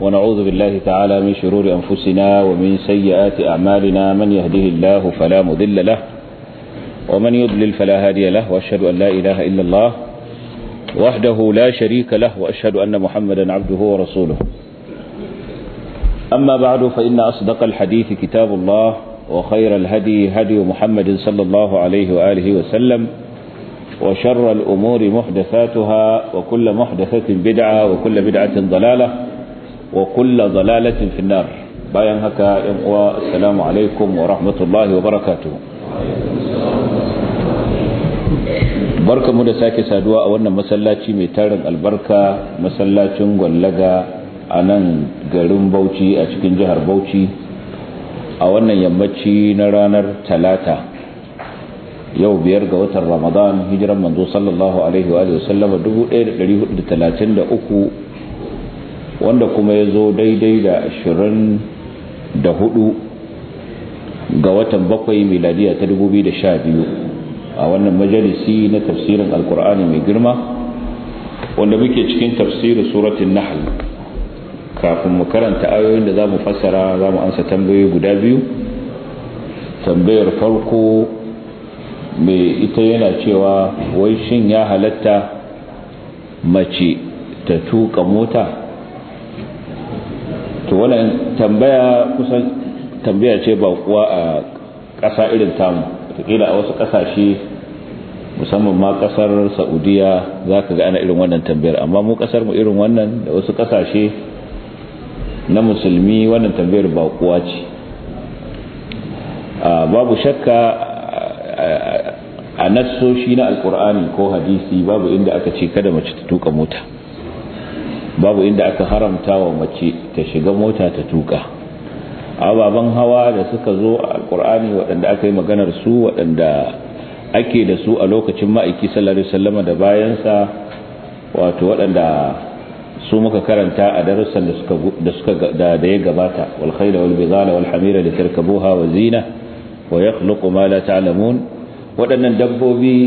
ونعوذ بالله تعالى من شرور أنفسنا ومن سيئات أعمالنا من يهده الله فلا مذل له ومن يضلل فلا هادي له وأشهد أن لا إله إلا الله وحده لا شريك له وأشهد أن محمدا عبده ورسوله أما بعد فإن أصدق الحديث كتاب الله وخير الهدي هدي محمد صلى الله عليه وآله وسلم وشر الأمور محدثاتها وكل محدثة بدعة وكل بدعة ضلالة wa kulla zalalatin finnar bayan haka yan uwa assalamu alaikum wa rahmatullahi wa barakatuh barkamu da sake saduwa a wannan masallaci mai tarin albarka masallacin gwallaga a nan garin bauchi a cikin jihar bauchi a wannan yammaci na ranar talata yau biyar ga watan ramadan hijiran manzo sallallahu alaihi wa sallama 1433 wanda kuma ya zo daidai da ashirin da hudu ga watan bakwai miladiya ta dubu biyu da sha biyu a wannan majalisi na tafsirin alkur'ani mai girma wanda muke cikin tafsirin suratun nahal kafin mu karanta ayoyin da za mu fassara za mu ansa tambayoyi guda biyu tambayar farko mai ita yana cewa wai shin ya halatta mace ta tuka mota to wannan tambaya kusan tambaya ce ba kuwa a ƙasa irin tamu wataƙila a wasu ƙasashe musamman ma ƙasar saudiya za ka ga ana irin wannan tambayar amma mu ƙasar mu irin wannan da wasu ƙasashe na musulmi wannan tambayar ba kuwa ce babu shakka a nassoshi na alƙur'ani ko hadisi babu inda aka ce kada mace ta tuka mota babu inda aka haramta wa mace ta shiga mota ta tuka ababen hawa da suka zo a alkur'ani waɗanda aka yi maganar su waɗanda ake da su a lokacin ma'aiki sallallahu sallama da bayansa wato waɗanda su muka karanta a darussan da suka da ya gabata wal khayla wal bidala wal hamira da tarkabuha wa zina wa yakhluqu ma la ta'lamun waɗannan dabbobi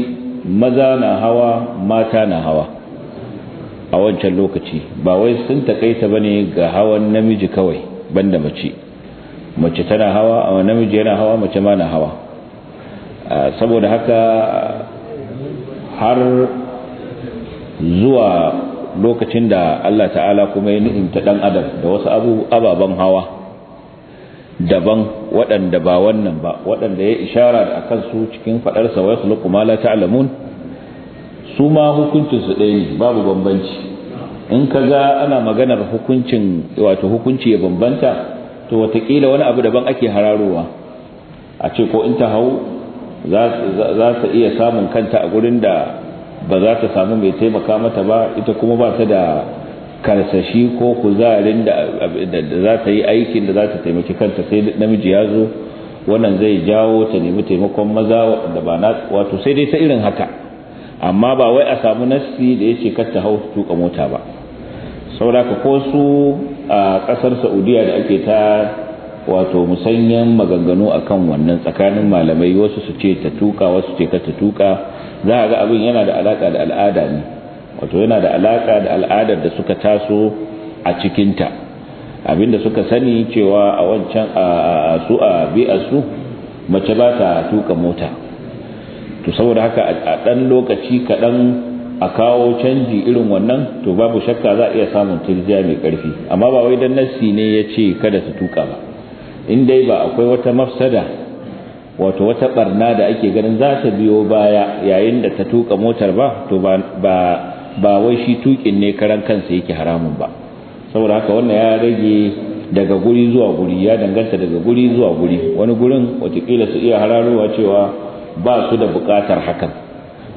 maza na hawa mata na hawa a wancan lokaci ba wai sun takaita bane ga hawan namiji kawai banda mace mace tana hawa a namiji yana hawa mace ma na hawa saboda haka har zuwa lokacin da Allah ta'ala kuma ya ni'imta dan adam da wasu ababen hawa daban waɗanda ba wannan ba waɗanda ya ishara a kansu cikin faɗarsa wa yakhluqu ma la ta'lamun su ma hukuncinsu ɗaya ne babu bambanci in ka ga ana maganar hukuncin wato hukunci ya bambanta to watakila wani abu daban ake hararowa a ce ko in ta hau za ta iya samun kanta a gurin da ba za ta samu mai taimaka mata ba ita kuma ba ta da karsashi ko kuzarin da za ta yi aikin da za ta taimaki kanta sai namiji ya zo wannan zai jawo ta nemi taimakon maza da ba na wato sai dai ta irin haka amma ba wai a samu nassi da ya ce kar ta hau tuka mota ba ka ko su a kasar saudiya da ake ta wato musanyen maganganu akan wannan tsakanin malamai wasu su ce ta tuka wasu ce kar ta tuka za a ga abin yana da alaka da al'ada ne wato yana da alaka da al'adar da suka taso a cikinta abinda suka sani cewa a wancan a su a bi'a su mace ba ta tuka mota to saboda haka a ɗan lokaci kaɗan a kawo canji irin wannan to babu shakka za a iya samun tirjiya mai ƙarfi amma ba wai dan nassi ne ya ce kada su tuka ba in dai ba akwai wata mafsada wato wata barna da ake ganin za ta biyo baya yayin da ta tuka motar ba to ba ba wai shi tukin ne karan kansa yake haramun ba saboda haka wannan ya rage daga guri zuwa guri ya danganta daga guri zuwa guri wani gurin watakila su iya hararowa cewa ba su da buƙatar hakan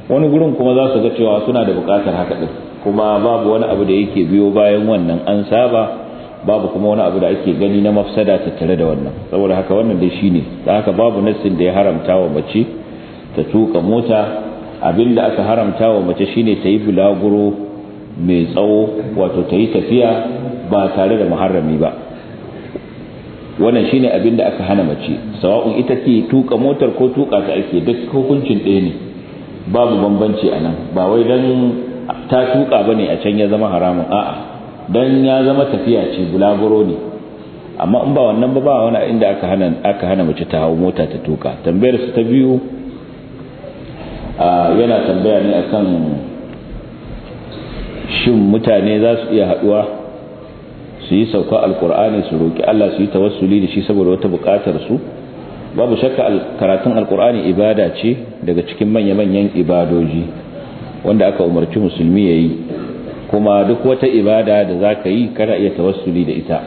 wani gurin kuma za su ga cewa suna da buƙatar haka din kuma babu wani abu da yake biyo bayan wannan an saba babu kuma wani abu da ake gani na mafsada tattare da wannan saboda haka wannan dai shine da haka babu nassin da ya haramta wa mace ta tuka mota abin da aka haramta wa mace shine ta yi bulaguro mai tsawo wato ta yi tafiya ba tare da muharrami ba wannan shine abin da aka hana mace sawa'un ita ce tuka motar ko tuka ta ake duk hukuncin ɗaya ne babu bambanci a nan ba wai dan ta tuka bane a can ya zama haramun a'a dan ya zama tafiya ce bulaguro ne amma in ba wannan ba ba wani inda aka hana aka hana mace ta hawo mota ta tuka tambayar su ta biyu yana tambaya ne akan shin mutane za su iya haduwa su yi sauka alkur'ani su roki Allah su yi tawassuli da shi saboda wata buƙatar su babu shakka karatun alkur'ani ibada ce daga cikin manya-manyan ibadoji wanda aka umarci musulmi ya yi kuma duk wata ibada da za ka yi kana iya tawassuli da ita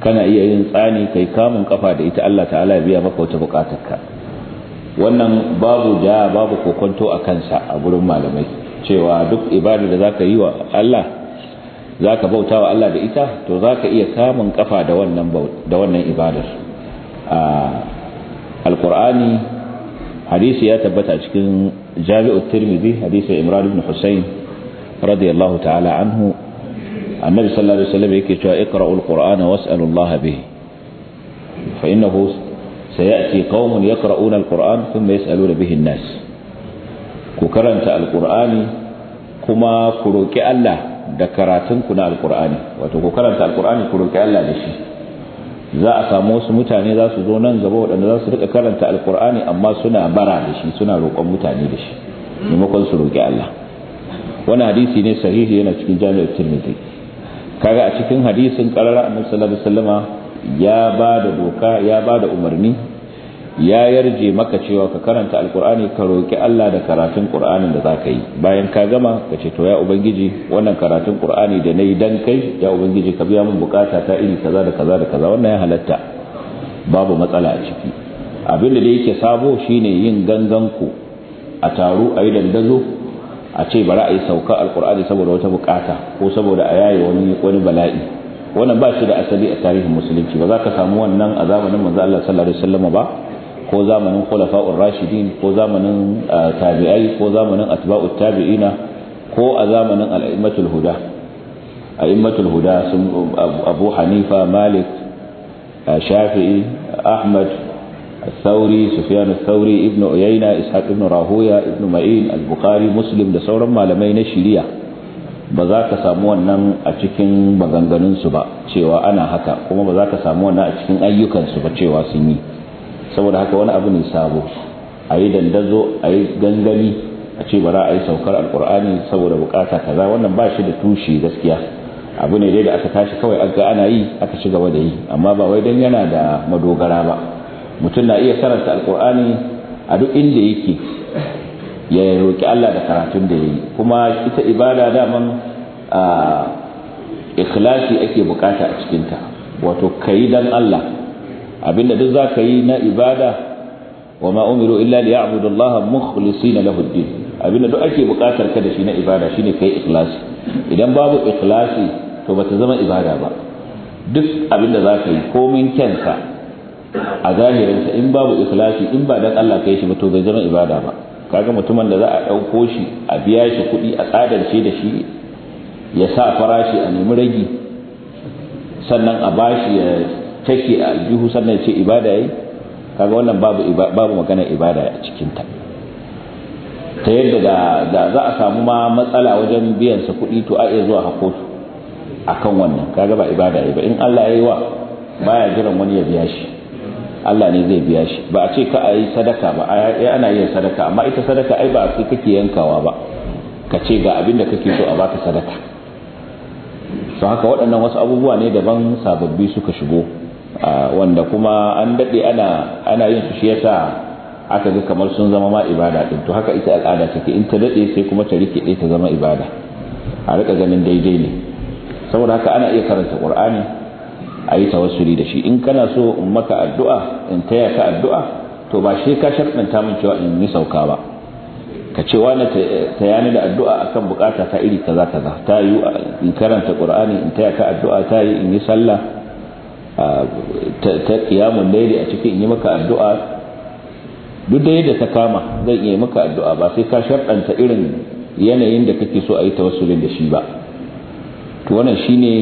kana iya yin tsani kai kamun kafa da ita Allah ta'ala ya biya maka wata buƙatar ka. wannan babu ja babu kokonto a kansa a gurin malamai cewa duk ibada da za ka yi wa Allah za ka bauta wa Allah da ita to za ka iya samun kafa da wannan ibadar alkur'ani hadisi ya tabbata cikin jami'ar tirmidhi hadisi imran ibn husayn radiyallahu ta'ala anhu annabi sallallahu alaihi wasallam yake cewa iqra'ul qur'ana was'alu Allah bihi fa innahu sayati qaumun yaqra'una al thumma yas'aluna bihi an-nas ku karanta al kuma ku roki Allah da karatunku na alkur'ani wato ku karanta alkur'ani ku roƙi Allah da shi za a samu wasu mutane za su zo nan gaba waɗanda za su rika karanta alkur'ani amma suna bara da shi suna roƙon mutane da shi maimakon su roƙi Allah wani hadisi ne sahihi yana cikin jami'ar tirmidhi kaga a cikin hadisin qarara annabi sallallahu alaihi wasallama ya ba da doka ya ba da umarni ya yarje maka cewa ka karanta alkur'ani ka roki Allah da karatun qur'anin da zaka yi bayan ka gama ka ce to ya ubangiji wannan karatun qur'ani da nayi dan kai ya ubangiji ka biya min bukata ta iri kaza da kaza da kaza wannan ya halatta babu matsala a ciki abin da yake sabo shine yin gangan ku a taro yi dandazo a ce bari a yi sauka alkur'ani saboda wata bukata ko saboda a yaye wani wani bala'i wannan ba shi da asali a tarihin musulunci ba za ka samu wannan a zamanin manzo Allah sallallahu alaihi wasallam ba ko zamanin khulafa'ur rashidin ko zamanin tabi'ai ko zamanin atba'ut tabi'ina ko a zamanin al'immatul huda a'immatul huda sun abu hanifa malik shafi'i ahmad sauri sufyan sauri ibn uyayna ishaq ibn rahuya ibn ma'in al-bukhari muslim da sauran malamai na shiriya ba za ka samu wannan a cikin maganganunsu ba cewa ana haka kuma ba za ka samu wannan a cikin ayyukansu ba cewa sun yi saboda haka wani abu ne sabo a yi dandazo a yi gangami a ce bara a yi saukar alkur'ani saboda bukata kaza wannan ba shi da tushe gaskiya abu ne dai da aka tashi kawai ga ana yi aka ci gaba da yi amma ba wai dan yana da madogara ba mutum na iya karanta alkur'ani a duk inda yake ya roki Allah da karatun da yi kuma ita ibada daman a ah, ikhlasi ake bukata a cikinta wato kai dan Allah abinda duk za ka yi na ibada wa ma illa li ya'budu Allah mukhlisina lahu ad-din abinda duk ake buƙatar ka da shi na ibada shine kai ikhlasi idan babu ikhlasi to bata zama ibada ba duk abinda za ka yi komin kyansa a zahirinsa in babu ikhlasi in ba dan Allah kai shi ba to bai zama ibada ba kaga mutumin da za a ɗauko shi a biya shi kuɗi a tsadarce da shi ya sa farashi a nemi ragi sannan a bashi ya take a aljihu sannan ce ibada yayi kaga wannan babu magana ibada a cikin ta yadda da za a samu ma matsala wajen biyan sa kuɗi to a iya zuwa hakotu akan wannan kaga ba ibada yayi ba in Allah yayi wa baya jiran wani ya biya shi Allah ne zai biya shi ba a ce ka a yi sadaka ba eh, ana yin sadaka amma ita sadaka ai ba sai kake yankawa ba ka ce ga abin da kake so a baka sadaka to haka waɗannan wasu abubuwa ne daban sababbi suka shigo wanda kuma an daɗe ana ana yin shi yasa aka ga kamar sun zama ma ibada din to haka ita al'ada take in ta daɗe sai kuma ta rike ɗaya ta zama ibada a rika ganin daidai ne saboda haka ana iya karanta qur'ani a yi tawassuli da shi in kana so in maka addu'a in taya ka addu'a to ba shi ka sharɗanta min cewa in yi sauka ba ka ce wani ta yani da addu'a akan bukata ta iri kaza kaza ta yi in karanta qur'ani in taya ka addu'a ta yi in yi sallah ta kiyamun da a cikin in yi maka addu'a duk da yadda ta kama zai iya maka addu'a ba sai ka shaɗanta irin yanayin da kake so a yi tawassulin da shi ba to wannan shine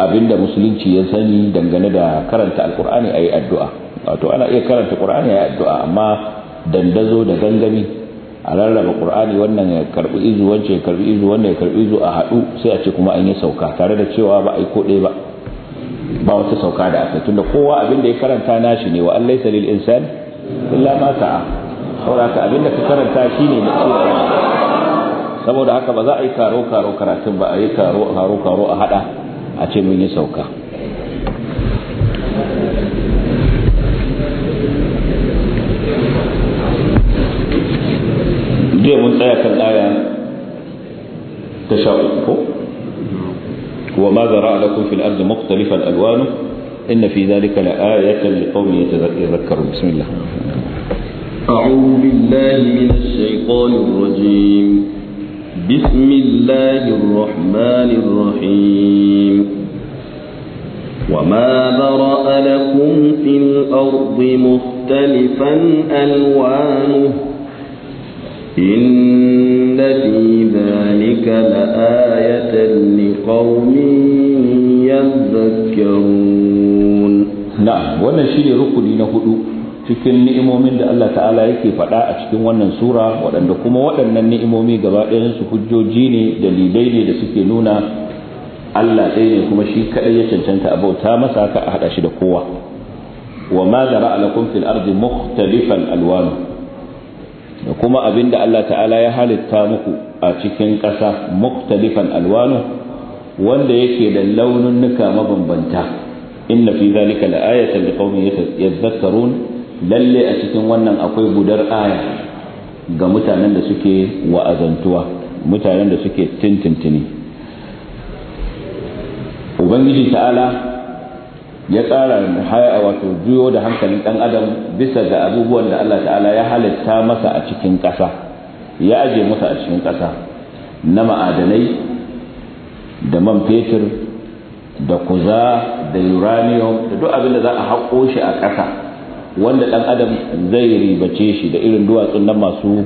abinda musulunci ya sani dangane da karanta alkur'ani a yi addu'a wato ana iya karanta ƙur'ani a yi addu'a amma dandazo da gangami a rarraba ƙur'ani wannan ya karɓi izu wancan ya karɓi izu wannan ya karɓi izu a haɗu sai a ce kuma an yi sauka tare da cewa ba a yi ko ɗaya ba ba wata sauka da aka tunda kowa abin da ya karanta nashi ne wa Allah salil lil insan illa ma sa'a saboda haka abin da ka karanta shine ne saboda haka ba za a yi karo karo karatun ba a yi karo karo karo a hada a ce mun yi sauka je mun tsaya kan aya ta sha uku ko wa ma za لكم في الأرض مختلفا ألوانه إن في ذلك لآية لقوم يتذكرون بسم الله أعوذ بالله من الشيطان الرجيم بسم الله الرحمن الرحيم وما ذرأ لكم في الأرض مختلفا ألوانه إن في ذلك لآية لقوم يذكرون نعم وانا rukuni na hudu cikin ni'imomin da Allah ta'ala yake faɗa a cikin wannan sura waɗanda kuma waɗannan ni'imomi gaba su hujjoji ne dalilai ne da suke nuna Allah ɗaya ne kuma shi kaɗai ya cancanta bauta masa ka a haɗa shi da kowa wa ma zara lakum fil ardi mukhtalifan alwanu da kuma abinda Allah ta'ala ya halitta muku a cikin ƙasa muktalifan alwanu wanda yake da nuka mabambanta inna fi zalika la'ayatan ya yadhakkarun lalle a cikin wannan akwai gudar aya ga mutanen da suke wa'azantuwa mutanen da suke tintintini ubangiji ta'ala ya tsara haya wato juyo da hankalin dan adam bisa ga abubuwan da Allah ta'ala ya halitta masa a cikin ƙasa ya aje masa a cikin ƙasa na ma'adanai da man fetur da kuza da uranium da duk abin da za a haƙo shi a ƙasa wanda ɗan adam zai ribace shi da irin duwatsun nan masu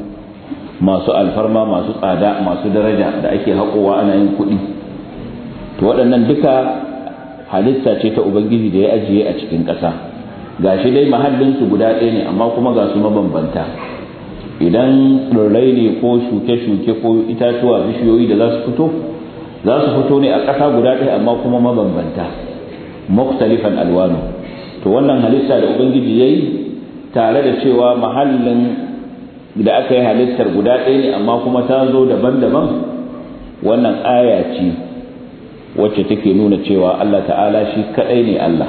masu alfarma masu tsada masu daraja da ake haƙowa ana yin kuɗi to waɗannan duka halitta ce ta ubangiji da ya ajiye a cikin ƙasa gashi dai mahallinsu guda ɗaya ne amma kuma ga su mabambanta idan tsirrai ne ko shuke-shuke ko itatuwa bishiyoyi da za su fito za su fito ne a ƙasa guda ɗaya amma kuma mabambanta muktalifan alwanu to wannan halitta da ubangiji yayi tare da cewa mahallin da aka yi halittar guda ɗaya ne amma kuma ta zo daban-daban wannan aya ce wacce take nuna cewa Allah ta'ala shi kaɗai ne Allah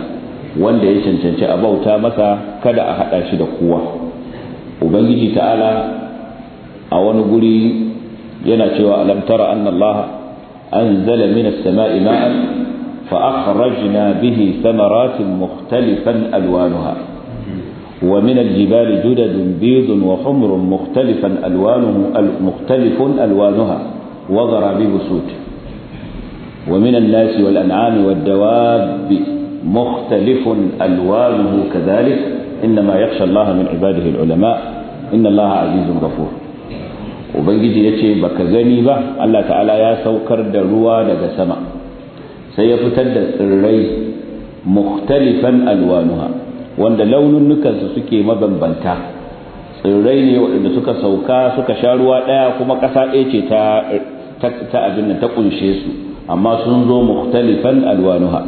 wanda ya cancanci a bauta masa kada a haɗa shi da kowa ubangiji ta'ala a wani guri yana cewa alam tara أنزل من السماء ماء فأخرجنا به ثمرات مختلفا ألوانها ومن الجبال جدد بيض وحمر مختلفا ألوانه مختلف ألوانها وغرابيب سود ومن الناس والأنعام والدواب مختلف ألوانه كذلك إنما يخشى الله من عباده العلماء إن الله عزيز غفور ubangiji ya ce baka gani ba Allah ta'ala ya saukar da ruwa daga sama sai ya fitar da tsirrai mukhtalifan alwanuha wanda laununukansu suke mabambanta tsirrai ne waɗanda suka sauka suka sha ruwa ɗaya kuma ƙasa ɗaya ce ta abin da ta ƙunshe su amma sun zo mukhtalifan alwanuha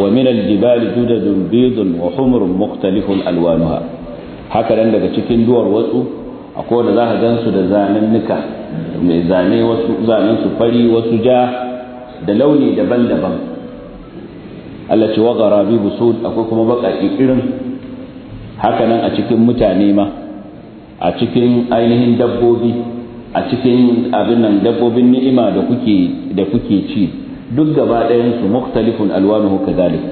wa min aljibali judadun bidun wa humrun mukhtalifun alwanuha haka nan daga cikin duwar watsu akwai da za ka gan su da zanen nuka mai zane wasu zanen su fari wasu ja da launi daban-daban Allah ce wa garabi busud akwai kuma baƙaƙi irin haka nan a cikin mutane ma a cikin ainihin dabbobi a cikin abin nan dabbobin ni'ima da kuke da kuke ci duk gaba ɗayan su mukhtalifun alwanuhu kadhalik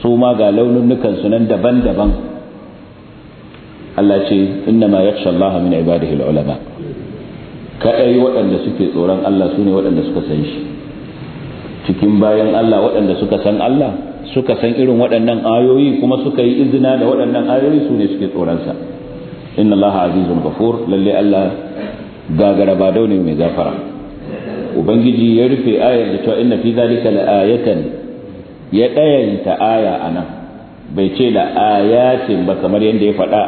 su ma ga nukan su nan daban-daban Allah ce inna ma yakhsha Allah min ibadihi ulama kadai waɗanda suke tsoron Allah sune waɗanda suka san shi cikin bayan Allah waɗanda suka san Allah suka san irin waɗannan ayoyi kuma suka yi izina da waɗannan ayoyi sune suke tsoron sa inna Allah azizun ghafur lalle Allah gagara ba daune mai gafara ubangiji ya rufe ayar da cewa inna fi zalika la ayatan ya dayanta aya anan bai ce la ayatin ba kamar yadda ya faɗa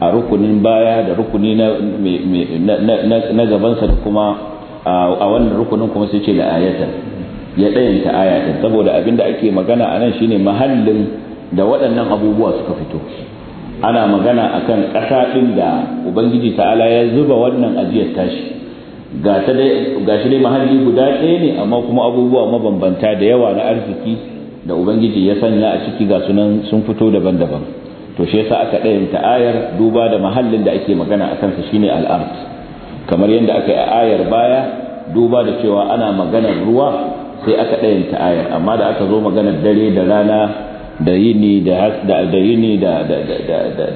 a rukunin baya da rukuni na gabansa da kuma a wannan rukunin kuma sai ce da ayatan ya ɗayanta aya ayatan saboda abin da ake magana a nan shine mahallin da waɗannan abubuwa suka fito ana magana akan ƙasa ɗin da ubangiji ta'ala ya zuba wannan ajiyar tashi ga shi dai mahalli guda ɗaya ne amma kuma abubuwa mabambanta da yawa na arziki da ubangiji ya sanya a ciki ga sunan sun fito daban-daban to shi yasa aka ɗayanta ayar duba da mahallin da ake magana a kansa shine al'ard kamar yadda aka yi ayar baya duba da cewa ana maganar ruwa sai aka ɗayanta ayar amma da aka zo maganar dare da rana da yini da da yini da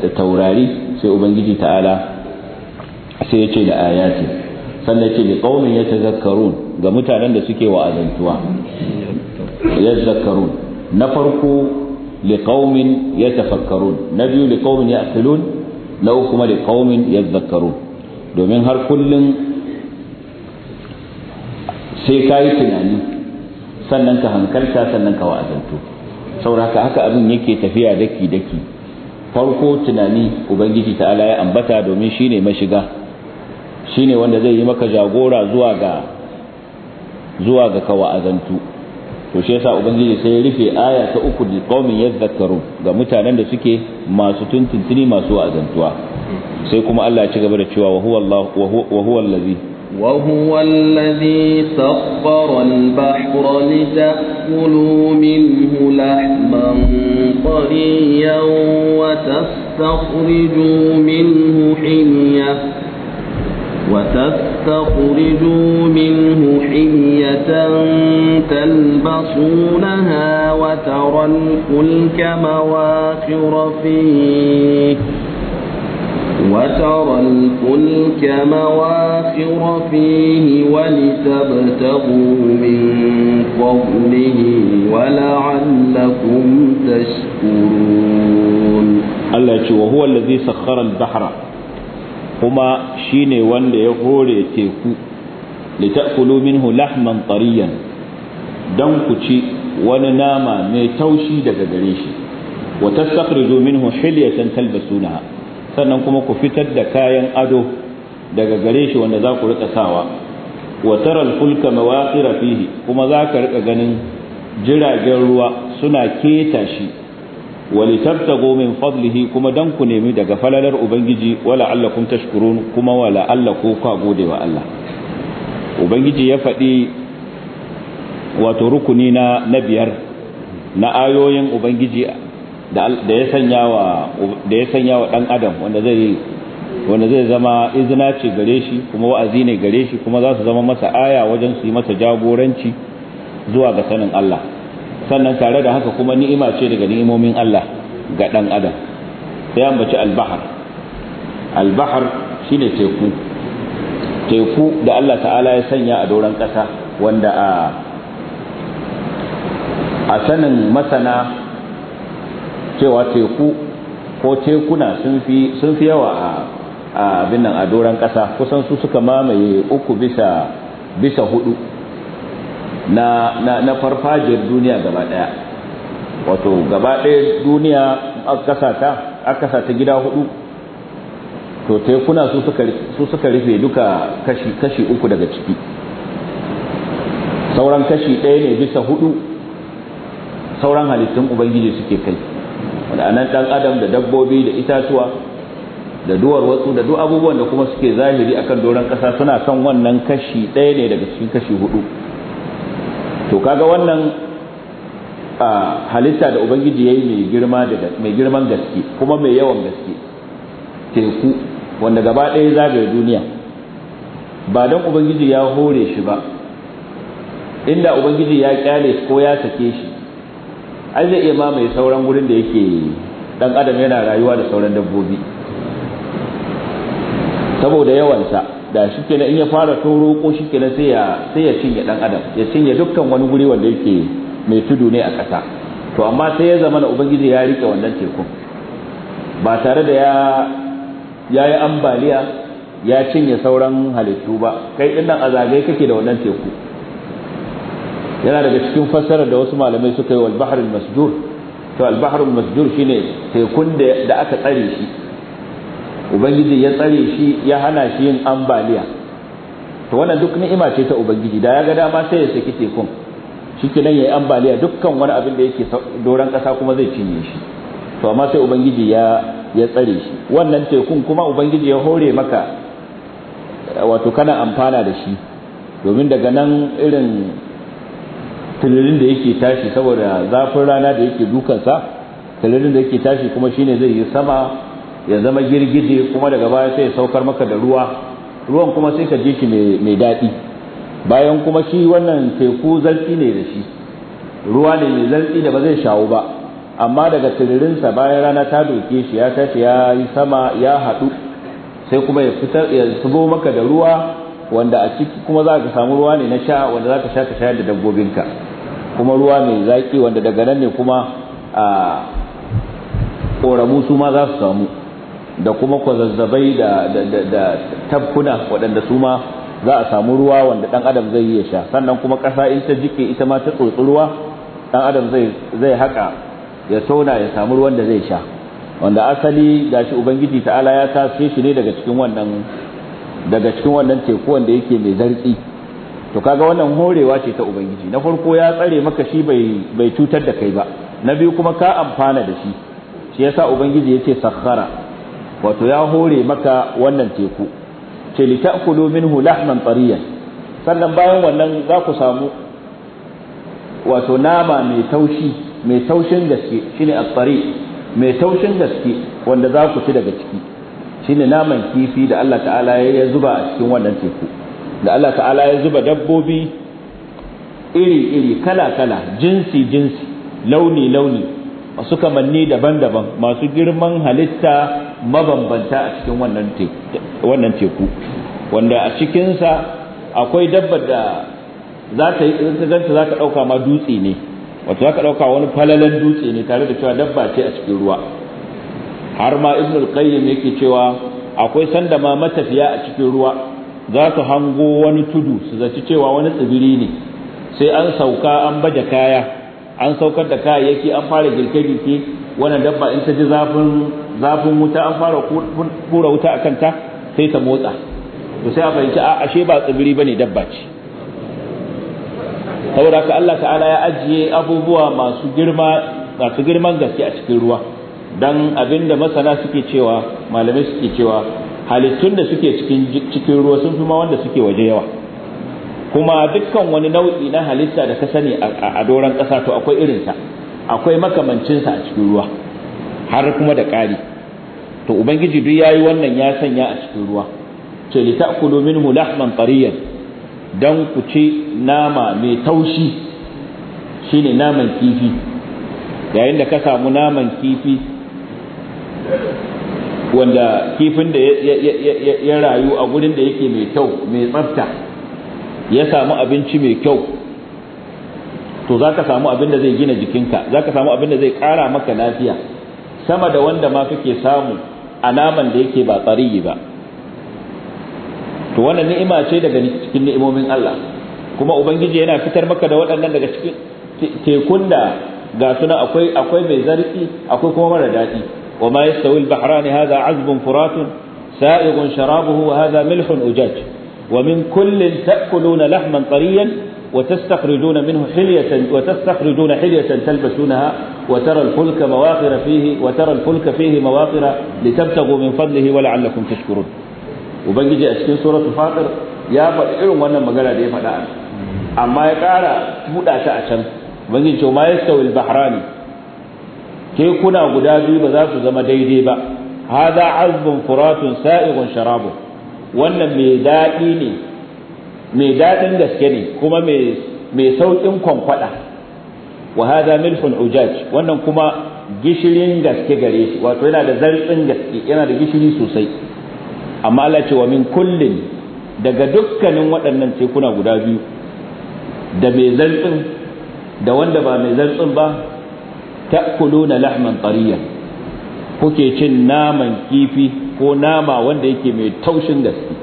da taurari sai ubangiji ta'ala sai ya ce da ayati sannan ce bi qaumin yatazakkarun ga mutanen da suke wa'azantuwa yazakkarun na farko liqaumin yatafakkarun na biyu liqaumin ya'qilun na uku kuma liqaumin yadhakkarun domin har kullun sai kai tunani sannan ka hankalta sannan ka wa'azantu sauraka haka abin yake tafiya daki daki farko tunani ubangiji ta'ala ya ambata domin shine mashiga shine wanda zai yi maka jagora zuwa ga zuwa ga ka wa'azantu to shi yasa ubangiji sai ya rufe aya ta uku da qaumin yadhakkarun ga mutanen da suke masu tuntuntuni masu wa'azantuwa sai kuma Allah ya ci gaba da cewa wa huwa Allah wa huwa allazi wa huwa allazi sakhara al-bahra li ta'kulu minhu lahman tariyan wa tastakhriju minhu وتستخرجوا منه حية تلبسونها وترى الفلك مواخر فيه وترى الفلك مواخر فيه ولتبتغوا من فضله ولعلكم تشكرون الله وهو الذي سخر البحر kuma shine wanda ya hore teku litakulu minhu lahman tariyan dan ku ci wani nama mai taushi daga gare shi wa tastakhriju minhu hilyatan talbasunaha sannan kuma ku fitar da kayan ado daga gare shi wanda za ku rika sawa wa tara al-fulka mawaqira fihi kuma za ka rika ganin jiragen ruwa suna keta shi walitabtagu min fadlihi kuma dan ku nemi daga falalar ubangiji wala allakum tashkurun kuma wala allaku ka gode wa Allah ubangiji ya fadi wato rukuni na na biyar na ayoyin ubangiji da ya sanya wa da ya sanya wa dan adam wanda zai wanda zai zama izina ce gare shi kuma wa'azi ne gare shi kuma za su zama masa aya wajen su yi masa jagoranci zuwa ga sanin Allah sannan tare da haka kuma ni'ima ce daga ni'imomin Allah ga ɗan adam sai an al albahar al shi shine teku teku da Allah ta'ala ya sanya a doron ƙasa wanda a a sanin masana cewa teku ko tekuna sun sun fi yawa a abin nan a doron ƙasa kusan su suka mamaye uku bisa bisa hudu na na na farfajiyar duniya gaba daya wato gaba daya duniya aka kasata gida hudu to tekuna su suka rufe duka kashi kashi uku daga ciki sauran kashi ɗaya ne bisa hudu sauran halittun ubangiji suke kai wanda anan dan adam da dabbobi da itatuwa da duwar watsu da duk abubuwan da kuma suke zahiri akan doron kasa suna son wannan kashi ɗaya ne daga cikin kashi hudu to kaga wannan halitta da ubangiji yayi mai mai girman gaske kuma mai yawan gaske teku wanda gaba ɗaya zagaye duniya ba don ubangiji ya hore shi ba inda ubangiji ya kyale ko ya sake shi an zai iya mai sauran wurin da yake dan adam yana rayuwa da sauran dabbobi saboda yawansa da shi kenan in ya fara toro ko shi kenan sai ya sai ya cinye dan adam ya cinye dukkan wani guri wanda yake mai tudu ne a ƙasa to amma sai ya zama na ubangiji ya rike wannan tekun ba tare da ya yi ambaliya ya cinye sauran halittu ba kai din nan a zagaye kake da wannan teku yana daga cikin fassara da wasu malamai suka yi wal bahr al masjur to al bahr al masjur shine tekun da aka tsare shi ubangiji ya tsare shi ya hana shi yin ambaliya to wannan duk ni'ima ce ta ubangiji da ya ga dama sai ya saki tekun shike nan yayi ambaliya dukkan wani abin da yake doran kasa kuma zai cinye shi to amma sai ubangiji ya ya tsare shi wannan tekun kuma ubangiji ya hore maka wato kana amfana da shi domin daga nan irin tunanin da yake tashi saboda zafin rana da yake dukansa tunanin da yake tashi kuma shine zai yi sama ya zama girgije kuma daga baya sai ya saukar maka da ruwa ruwan kuma sai ka je shi mai daɗi bayan kuma shi wannan teku zalti ne da shi ruwa ne mai zalti da ba zai shawo ba amma daga tiririnsa bayan rana ta doke shi ya tashi ya yi sama ya haɗu sai kuma ya fitar ya zubo maka da ruwa wanda a ciki kuma za ka samu ruwa ne na sha wanda za ka sha ka shayar da dabbobinka kuma ruwa mai zaki wanda daga nan ne kuma a ƙoramu su ma za su samu da kuma kwazazzabai da tabkuna waɗanda su ma za a samu ruwa wanda ɗan adam zai ya sha sannan kuma ƙasa in ta jike ita ma ta tsotsi ruwa dan adam zai haƙa ya tona ya samu ruwan da zai sha wanda asali shi ubangiji ta'ala ya tashe shi ne daga cikin wannan teku wanda yake mai zartsi to kaga wannan horewa ce ta ubangiji na farko ya tsare maka shi bai cutar da kai ba na biyu kuma ka amfana da shi shi yasa ubangiji yace sakhara wato ya hore maka wannan teku ce li ta'kulu minhu lahman tariyan sannan bayan wannan za ku samu wato nama mai taushi mai taushin gaske shine at-tari mai taushin gaske wanda za ku ci daga ciki shine naman kifi da Allah ta'ala ya zuba a cikin wannan teku da Allah ta'ala ya zuba dabbobi iri-iri kala-kala jinsi-jinsi launi-launi masu kamanni daban-daban masu girman halitta mabambanta a cikin wannan teku wanda a cikinsa akwai dabbar da za ta yi ganta za ka ɗauka ma dutse ne wata za ka ɗauka wani falalen dutse ne tare da cewa dabba ce a cikin ruwa har ma ibn al yake cewa akwai sanda ma matafiya a cikin ruwa za su hango wani tudu su zaci cewa wani tsibiri ne sai an sauka an baje kaya an saukar da kayayyaki an fara girke-girke wannan dabba in ta ji zafin zafin wuta an fara kura wuta a kanta sai ta motsa to sai a fahimci a ashe ba tsibiri ba ne dabba ce saboda ka Allah ta'ala ya ajiye abubuwa masu girma masu girman gaske a cikin ruwa dan abinda masana suke cewa malamai suke cewa halittun da suke cikin cikin ruwa sun fi ma wanda suke waje yawa kuma dukkan wani nau'i na halitta da ka sani a doron kasa to akwai irinsa akwai makamancinsa a cikin ruwa har kuma da ƙari to ubangiji duk yayi wannan ya sanya a cikin ruwa ce li ta'kulu minhu lahman tariyan dan ku ci nama mai taushi shine naman kifi yayin da ka samu naman kifi wanda kifin da ya rayu a gurin da yake mai kyau mai tsafta ya samu abinci mai kyau to za ka samu abin da zai gina jikinka za ka samu abin da zai ƙara maka lafiya sama da wanda ma kake samu a naman da yake ba tsariyi ba to wannan ni'ima ce daga cikin ni'imomin Allah kuma ubangiji yana fitar maka da waɗannan daga cikin tekun da ga suna akwai akwai mai zarfi akwai kuma mara daɗi wa ma yastawi al-bahran hadha azbun furatun sa'igun sharabuhu wa hadha milhun ujaj wa min kullin ta'kuluna lahman tariyan وتستخرجون منه حلية وتستخرجون حلية تلبسونها وترى الفلك مواقر فيه وترى الفلك فيه مواقر لتبتغوا من فضله ولعلكم تشكرون وبنجي اشكي سورة فاطر يا فائرون إيه وانا مقالة دي فلان أما يقال فدا تأشن شو ما يستوي البحراني كي كنا قدابي بذات زم ديديبا هذا عذب فرات سائغ شرابه وانا ميدائي mai daɗin gaske ne kuma mai sauƙin kwankwada wa hada milhun ujaj wannan kuma gishirin gaske gare shi wato yana da zartsin gaske yana da gishiri sosai amma Allah ce wa min kullin daga dukkanin waɗannan tekuna guda biyu da mai zartsin da wanda ba mai zartsin ba ta'kuluna lahman tariyan kuke cin naman kifi ko nama wanda yake mai taushin gaske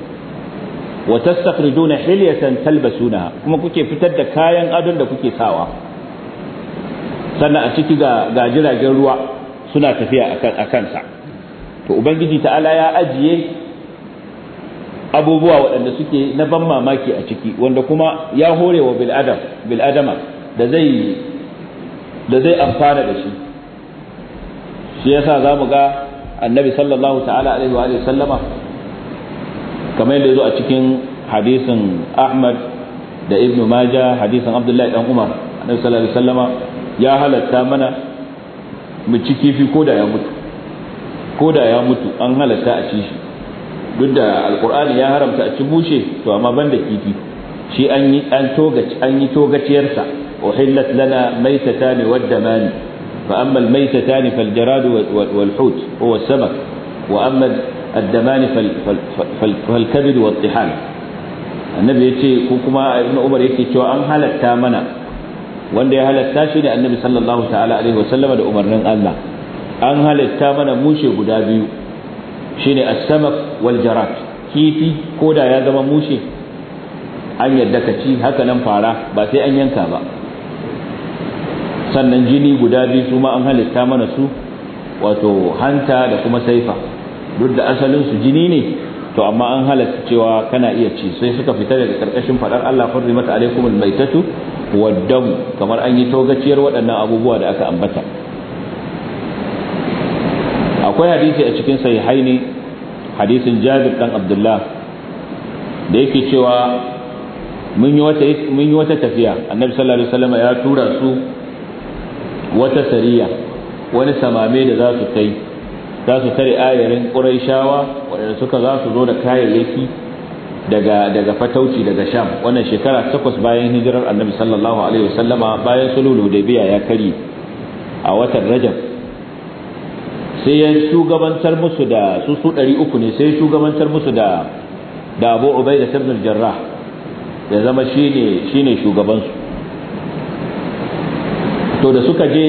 wa tastakhrijuna hilyatan talbasuna kuma kuke fitar da kayan adon da kuke sawa sannan a ciki ga ga jiragen ruwa suna tafiya akan akan to ubangiji ta'ala ya ajiye abubuwa waɗanda suke na ban mamaki a ciki wanda kuma ya hore wa bil'adam bil'adama da zai da zai amfana da shi shi yasa za mu ga annabi sallallahu ta'ala alaihi wa sallama kamar yadda zo a cikin hadisin Ahmad da Ibn Majah hadisin Abdullahi dan Umar annabi sallallahu alaihi wasallama ya halatta mana mu ci kifi ko da ya mutu ko da ya mutu an halatta a ci shi duk da alqur'ani ya haramta a ci bushe to amma banda kifi shi an yi an togaci an yi togaciyarsa uhillat lana maitatan wa damani fa amma al maitatan fal jarad wal hut huwa samak وأما الدمان فالكبد والطحال النبي يتي كما ابن عمر يكي cewa an halatta mana wanda ya halatta shi da annabi sallallahu ta'ala alaihi wasallam da umarnin Allah an halatta mana mushe guda biyu shine as-samak kifi ko da ya zama mushe an yadda ka ci haka nan fara ba sai an yanka ba sannan jini guda biyu su ma an halitta mana su wato hanta da kuma saifa duk da asalin su jini ne to amma an halatta cewa kana iya ci sai suka fita daga karkashin fadar Allah farzimat alaikum almaitatu waddam kamar an yi togaciyar waɗannan abubuwa da aka ambata akwai hadisi a cikin sahihaini hadisin Jabir dan Abdullah da yake cewa mun yi wata mun yi wata tafiya annabi sallallahu alaihi wasallam ya tura su wata sariya wani samame da za su kai za su tare ayarin shawa waɗanda suka za su zo da kayayyaki daga daga fatauci daga sham wannan shekara takwas bayan hijirar annabi sallallahu alaihi wasallama bayan da hudaybiya ya kari a watan rajab sai ya shugabantar musu da su su 300 ne sai ya shugabantar musu da da Abu Ubaida ibn al-Jarrah ya zama shine shine shugaban to da suka je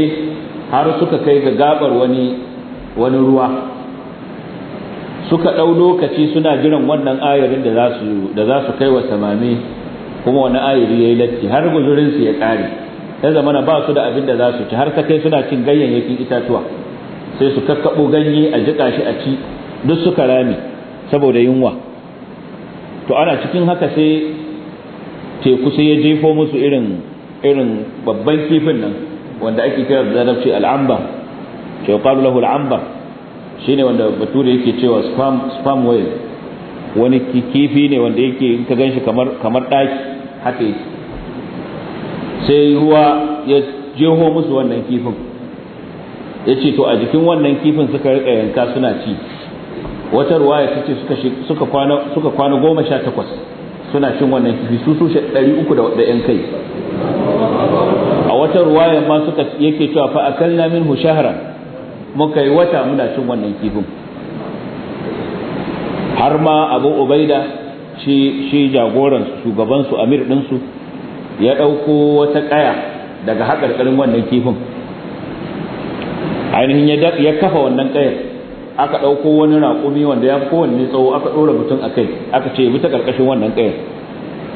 har suka kai ga gabar wani wani ruwa suka ɗau lokaci suna jiran wannan ayarin da za su kai wa samame kuma wani ayari ya yi latti har guzurinsu ya ƙare na zamana ba su da abin da za su ci har kai suna cin ganyayyakin itatuwa sai su kakkaɓo ganye a jiƙa shi a ci duk suka rame saboda yunwa to ana cikin haka sai teku sai ya jefo musu irin irin babban kifin nan wanda ake kira da zarafci al'amba ke yuqalu lahu al-ambar shine wanda bature yake cewa spam spam whale wani kifi ne wanda yake in ka ganshi kamar kamar daki haka yake sai ruwa ya jeho musu wannan kifin ya ce to a jikin wannan kifin suka rika yanka suna ci wata ruwa ya ce suka kwana suka kwana takwas suna cin wannan kifi su su 300 da yan kai a wata ya ma suka yake cewa fa akalna minhu hushahara. muka yi wata muna cin wannan kifin har ma abu ubaida shi jagoransu shugabansu amir ɗinsu ya ɗauko wata ƙaya daga haƙarƙarin wannan kifin ainihin ya kafa wannan ƙayar aka ɗauko wani raƙumi wanda ya kowanne tsawo aka ɗora mutum a kai aka ce bi ta ƙarƙashin wannan ƙayar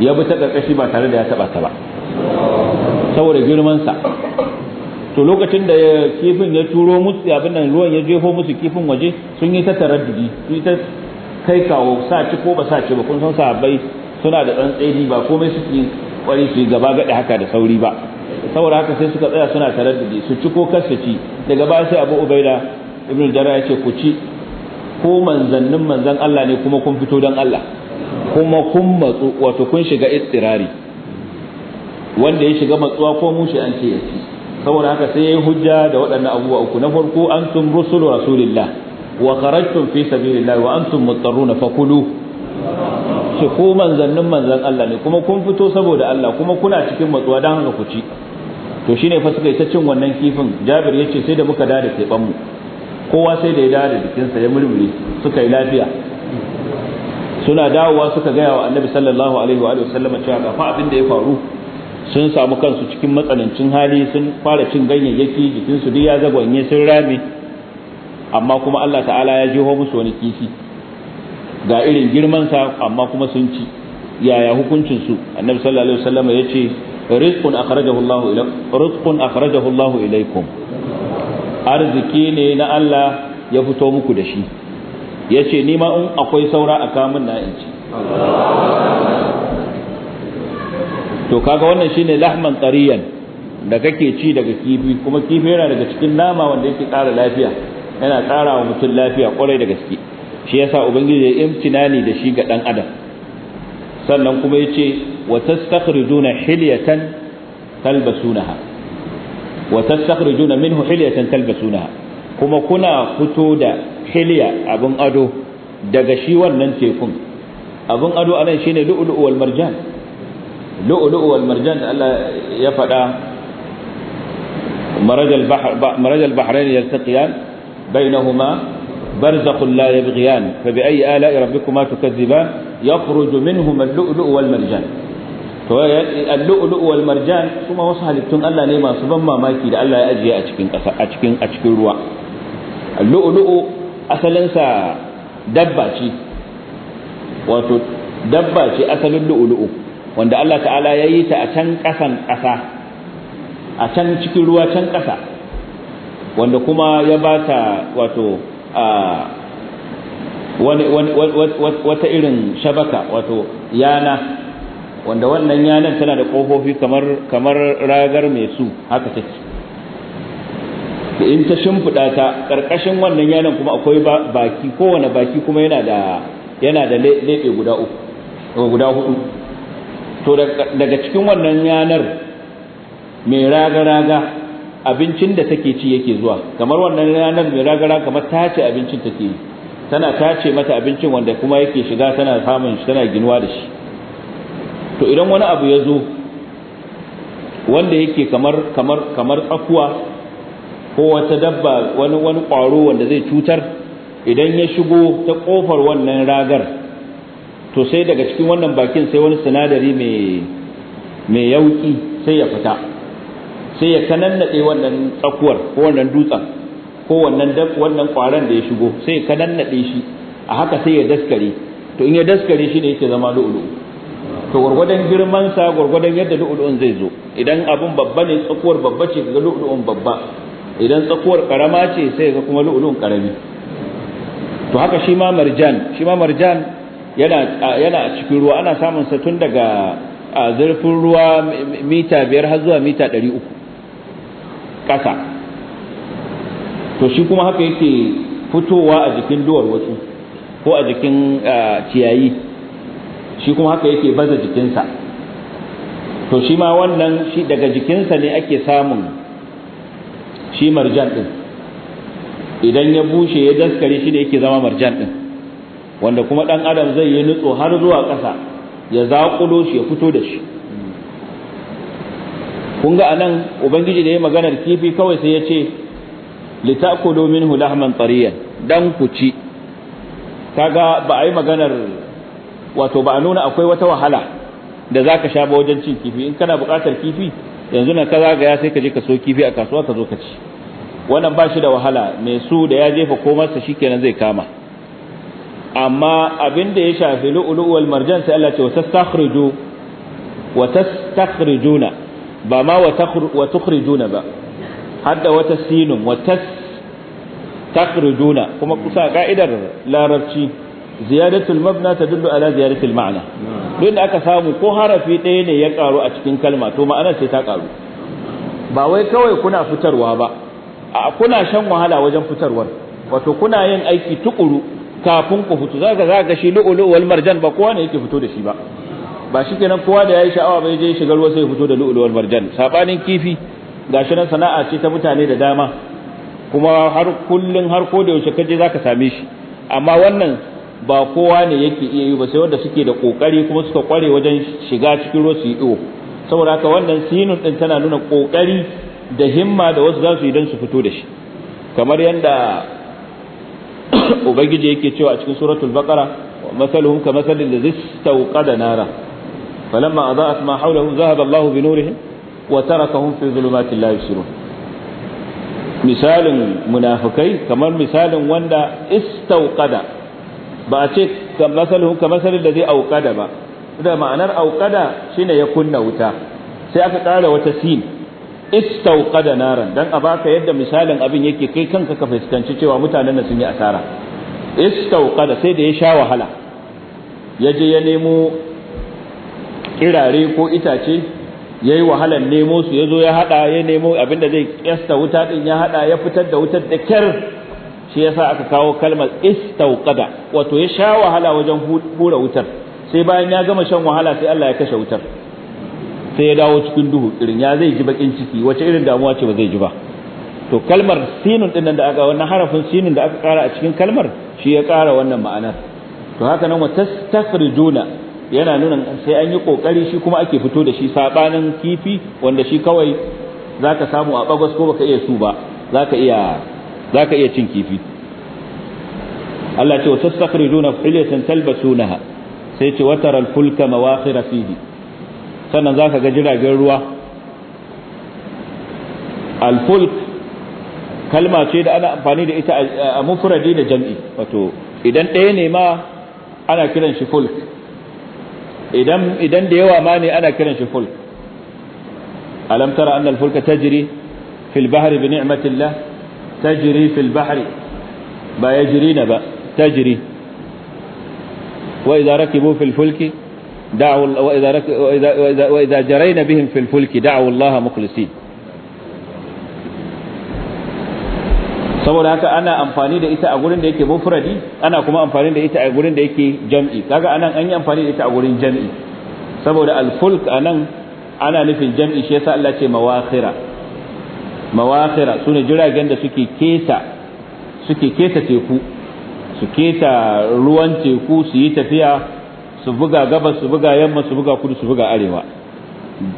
ya bi ta ƙarƙashi ba tare da ya taɓa ta ba saboda sa. to lokacin da kifin ya turo musu abin nan ruwan ya jefo musu kifin waje sun yi ta taraddudi sun yi ta kai kawo sa ci ko ba sa ci ba kun san sahabbai suna da tsantsaini ba komai suke kwari su gaba gada haka da sauri ba saboda haka sai suka tsaya suna taraddudi su ci ko kar ci daga baya sai Abu Ubaida Ibn Jarrah ya ce ku ci ko manzannin manzan Allah ne kuma kun fito dan Allah kuma kun matsu wato kun shiga istirari wanda ya shiga matsuwa ko mushi an ce ya ci saboda haka sai yayi hujja da waɗannan abubuwa uku na farko antum rusulu rasulillah wa kharajtum fi sabilillah wa antum mutarruna fakulu shi ko manzannin manzan Allah ne kuma kun fito saboda Allah kuma kuna cikin matsuwa dan haka ku ci to shine fa suka yi cin wannan kifin Jabir yace sai da muka dada teban mu kowa sai da ya dada jikinsa ya murmure suka yi lafiya suna dawowa suka gaya wa Annabi sallallahu alaihi wa sallama cewa ga fa abin da ya faru sun samu kansu cikin matsanancin hali sun fara cin ganyayyaki jikinsu duk ya zagwanye sun rame amma kuma Allah ta'ala ya jiho musu wani kifi ga irin girmansa amma kuma sun ci yaya hukuncinsu annabi sallallahu alaihi wasallam ya ce rizqun akhrajahu rizqun akhrajahu Allahu ilaikum arziki ne na Allah ya fito muku da shi yace ni ma in akwai saura a kamun na in ci to kaga wannan shine lahman qariyan da kake ci daga kifi kuma kifi yana daga cikin nama wanda yake ƙara lafiya yana ƙara wa mutum lafiya kwarai da gaske shi yasa ubangiji ya imtinani da shi ga dan adam sannan kuma yace wa tastakhrijuna hilyatan talbasunaha wa tastakhrijuna minhu hilyatan talbasunaha kuma kuna fito da hilya abun ado daga shi wannan tekun abun ado anan shine lu'lu'u wal marjan لؤلؤ والمرجان الله يفدا مرج البحر مرج البحرين يلتقيان بينهما برزق لا يبغيان فبأي آلاء ربكما تكذبان يخرج منهما اللؤلؤ والمرجان اللؤلؤ والمرجان ثم وصح لتن الله نيما صبما ما يكيد الله أجي أشكين أشكين أشكين روا اللؤلؤ أسلن سا دباتي وتدباتي أسل اللؤلؤ wanda Allah ta'ala ya yi ta a can ƙasan ƙasa a can cikin ruwa can ƙasa wanda kuma ya ba ta wato wata irin shabaka wato yana wanda wannan yanar tana da ƙofofi kamar ragar mai su haka take in ta shimfiɗa ta ƙarƙashin wannan yanar kuma akwai baki kowane baki kuma yana da yana leɓe guda uku to daga cikin wannan yanar mai raga-raga abincin da take ci yake zuwa kamar wannan yanar mai raga-raga kamar tace abincin take yi tana tace mata abincin wanda kuma yake shiga tana samun shi tana ginuwa da shi to idan wani abu ya zo wanda yake kamar kamar kamar tsakuwa ko wata dabba wani wani ƙwaro wanda zai cutar idan ya shigo ta ƙofar wannan ragar to sai daga cikin wannan bakin sai wani sinadari mai yauki sai ya fita sai ya kanannade wannan tsakuwar ko wannan dutsen ko wannan wannan kwaran da ya shigo sai ya kanannade shi a haka sai ya daskare to in ya daskare shi ne yake zama lu'ulu to gwargwadon girman sa gwargwadon yadda lu'ulu'un zai zo idan abun babba ne tsakuwar babba ce ga lu'ulu'un babba idan tsakuwar karama ce sai ga kuma lu'ulu'un karami to haka shi ma marjan shi ma marjan yana a cikin ruwa ana samun sa daga a zurfin ruwa mita biyar har zuwa mita ɗari uku ƙasa to shi kuma haka yake fitowa a jikin duwar wasu ko a jikin ciyayi shi kuma haka yake baza jikinsa to shi ma wannan shi daga jikinsa ne ake samun shi marjan ɗin idan ya bushe ya daskare shi ne yake zama marjan ɗin wanda kuma dan adam zai yi nutso har zuwa ƙasa ya zaƙulo shi ya fito da shi kun ga anan ubangiji da ya maganar kifi kawai sai ya ce litakulu minhu lahman tariyan dan ku ci kaga ba a yi maganar wato ba a nuna akwai wata wahala da zaka sha ba wajen cin kifi in kana buƙatar kifi yanzu na kaza ga ya sai ka je ka so kifi a kasuwa ka zo ka ci wannan ba shi da wahala mai su da ya jefa komarsa shikenan zai kama amma abin da ya shafi lu'lu'u wal marjan sai Allah ce wa tastakhriju wa tastakhrijuna ba ma wa tukhrijuna ba hadda wata sinun wa tastakhrijuna kuma kusa ka'idar larabci ziyadatul mabna tadullu ala ziyadatil ma'na duk da aka samu ko harafi ɗaya ne ya karu a cikin kalma to ma'anar sai ta karu ba wai kawai kuna fitarwa ba kuna shan wahala wajen fitarwar wato kuna yin aiki tukuru kafin ku fito zaka zaka ga shi lu'ulu wal marjan ba kowa ne yake fito da shi ba ba shi kenan kowa da yayi sha'awa bai je shiga ruwa sai fito da lu'ulu wal marjan sabanin kifi gashi nan sana'a ce ta mutane da dama kuma har kullun har ko da yaushe kaje zaka same shi amma wannan ba kowa ne yake iya yi ba sai wanda suke da kokari kuma suka kware wajen shiga cikin ruwa su yi iyo saboda haka wannan sinun din tana nuna kokari da himma da wasu za su yi don su fito da shi kamar yadda ubangiji yake cewa a cikin suratul baqara wa masaluhum ka masalil ladhi istawqada nara falamma adaat ma hawlahu zahaba Allah bi nurihim wa tarakahum fi dhulumatin la yusirun misalin munafikai kamar misalin wanda istawqada ba a ce ka masaluhum ka masalil ladhi awqada ba da ma'anar awqada shine ya kunna wuta sai aka ƙara wata sin istauqada naran dan a baka yadda misalin abin yake kai kanka ka fuskanci cewa mutanen nan sun yi asara istauqada sai da ya sha wahala ya je ya nemo kirare ko itace ya yi wahalar nemo su yazo zo ya hada ya nemo abin da zai kyasta wuta din ya hada ya fitar da wutar da kyar shi yasa aka kawo kalmar istauqada wato ya sha wahala wajen hura wutar sai bayan ya gama shan wahala sai Allah ya kashe wutar sai ya dawo cikin duhu irin ya zai ji bakin ciki wace irin damuwa ce ba zai ji ba to kalmar sinun din nan da aka wannan harafin sinun da aka kara a cikin kalmar shi ya kara wannan ma'anar to haka nan watastakhrijuna yana nuna sai an yi kokari shi kuma ake fito da shi sabanin kifi wanda shi kawai zaka samu a bagwas ko baka iya su ba zaka iya zaka iya cin kifi Allah ce watastakhrijuna hilyatan talbasunaha sai ce wataral fulka mawakhira fihi sannan za ka ga jiragen ruwa alfulk kalma ce da ana amfani da ita a mufuradi da jam'i wato idan ɗaya ne ma ana kiran shi fulk idan da yawa ma ne ana kiran shi fulk alam tara annal fulka tajri fil bahri bi ni'matillah jiri fil bahri ba na ba tajri wa idza rakibu fil fulki دعوا وإذا, رك... وإذا... وإذا... وإذا جرينا بهم في الفلك دعوا الله مخلصين saboda haka ana amfani da ita a gurin da yake mufradi ana kuma amfani da ita a gurin da yake jam'i kaga anan an yi amfani da ita a gurin jam'i saboda al-fulk anan ana nufin jam'i shi yasa Allah ce mawakhira mawakhira sune jiragen da suke kesa suke kesa teku su keta ruwan teku su yi tafiya su buga gabas su buga yamma su buga kudu su buga arewa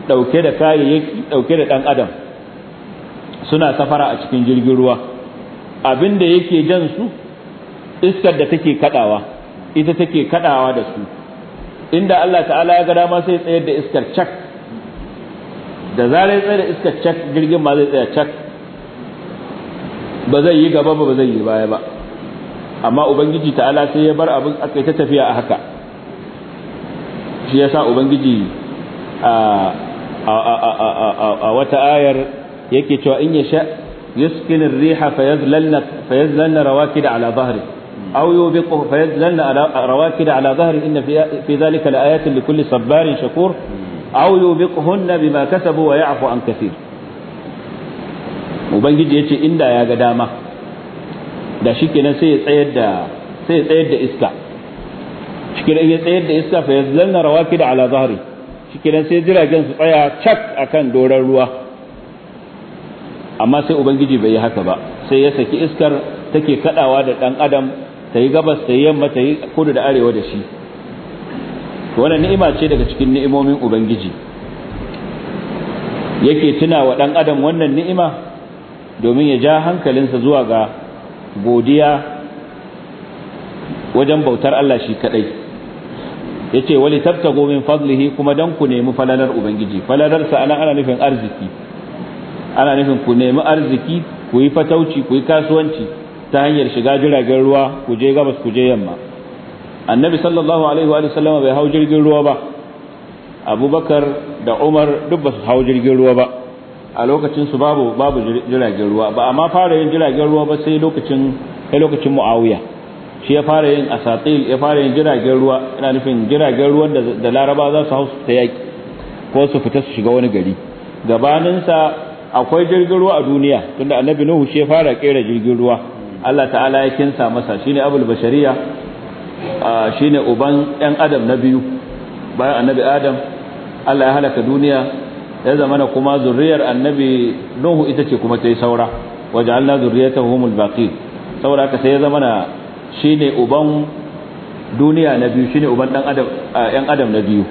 dauke da kayayyaki dauke da dan adam suna safara a cikin jirgin ruwa abin da yake jan su iskar da take kadawa ita take kadawa da su inda Allah ta'ala ya ga dama sai tsayar da iskar cak da zarar tsayar da iskar cak jirgin ma zai tsaya cak ba zai yi gaba ba ba zai yi baya ba amma ubangiji ta'ala sai ya bar abin aka ta tafiya a haka shi yasa ubangiji a a a a a wata ayar yake cewa in yasha yuskin ar-riha fayazlalna fayazlalna rawakid ala dhahri aw yubiqu fayazlalna rawakid ala dhahri inna fi fi dhalika laayatin likulli sabarin shakur aw yubiquhunna bima kasabu wa ya'fu an kaseer ubangiji yace inda ya ga dama da shikenan sai ya tsayar da sai ya tsayar da iska shikenan ya tsayar da iska fa yazlanna rawakida ala zahri shikenan sai jiragen su tsaya cak akan doran ruwa amma sai ubangiji bai yi haka ba sai ya saki iskar take kadawa da dan adam ta yi gabas ta yi yamma ta yi kudu da arewa da shi wannan ni'ima ce daga cikin ni'imomin ubangiji yake tuna wa dan adam wannan ni'ima domin ya ja hankalinsa zuwa ga godiya wajen bautar Allah shi kadai yace wali tabtago min fadlihi kuma dan ku nemi falalar ubangiji falalar sa ana ana nufin arziki ana nufin ku nemi arziki ku yi fatauci ku yi kasuwanci ta hanyar shiga jiragen ruwa ku je gabas ku je yamma annabi sallallahu alaihi wa sallama bai hau jirgin ruwa ba abubakar da umar duk ba su hau jirgin ruwa ba a lokacin su babu babu jiragen ruwa ba amma fara yin jiragen ruwa ba sai lokacin sai lokacin muawiya shi ya fara yin asatil ya fara yin jiragen ruwa ina nufin jiragen ruwan da laraba za su hau su ta yaki ko su fita su shiga wani gari gabaninsa akwai jirgin ruwa a duniya tunda annabi nuhu shi ya fara kera jirgin ruwa Allah ta'ala ya kinsa masa shine abul bashariya shine uban yan adam na biyu bayan annabi adam Allah ya halaka duniya ya zamana kuma zurriyar annabi nuhu ita ce kuma ta yi saura waje Allah ta humul baƙi. saboda haka sai ya zamana shine uban duniya na biyu shine uban dan adam yan adam na biyu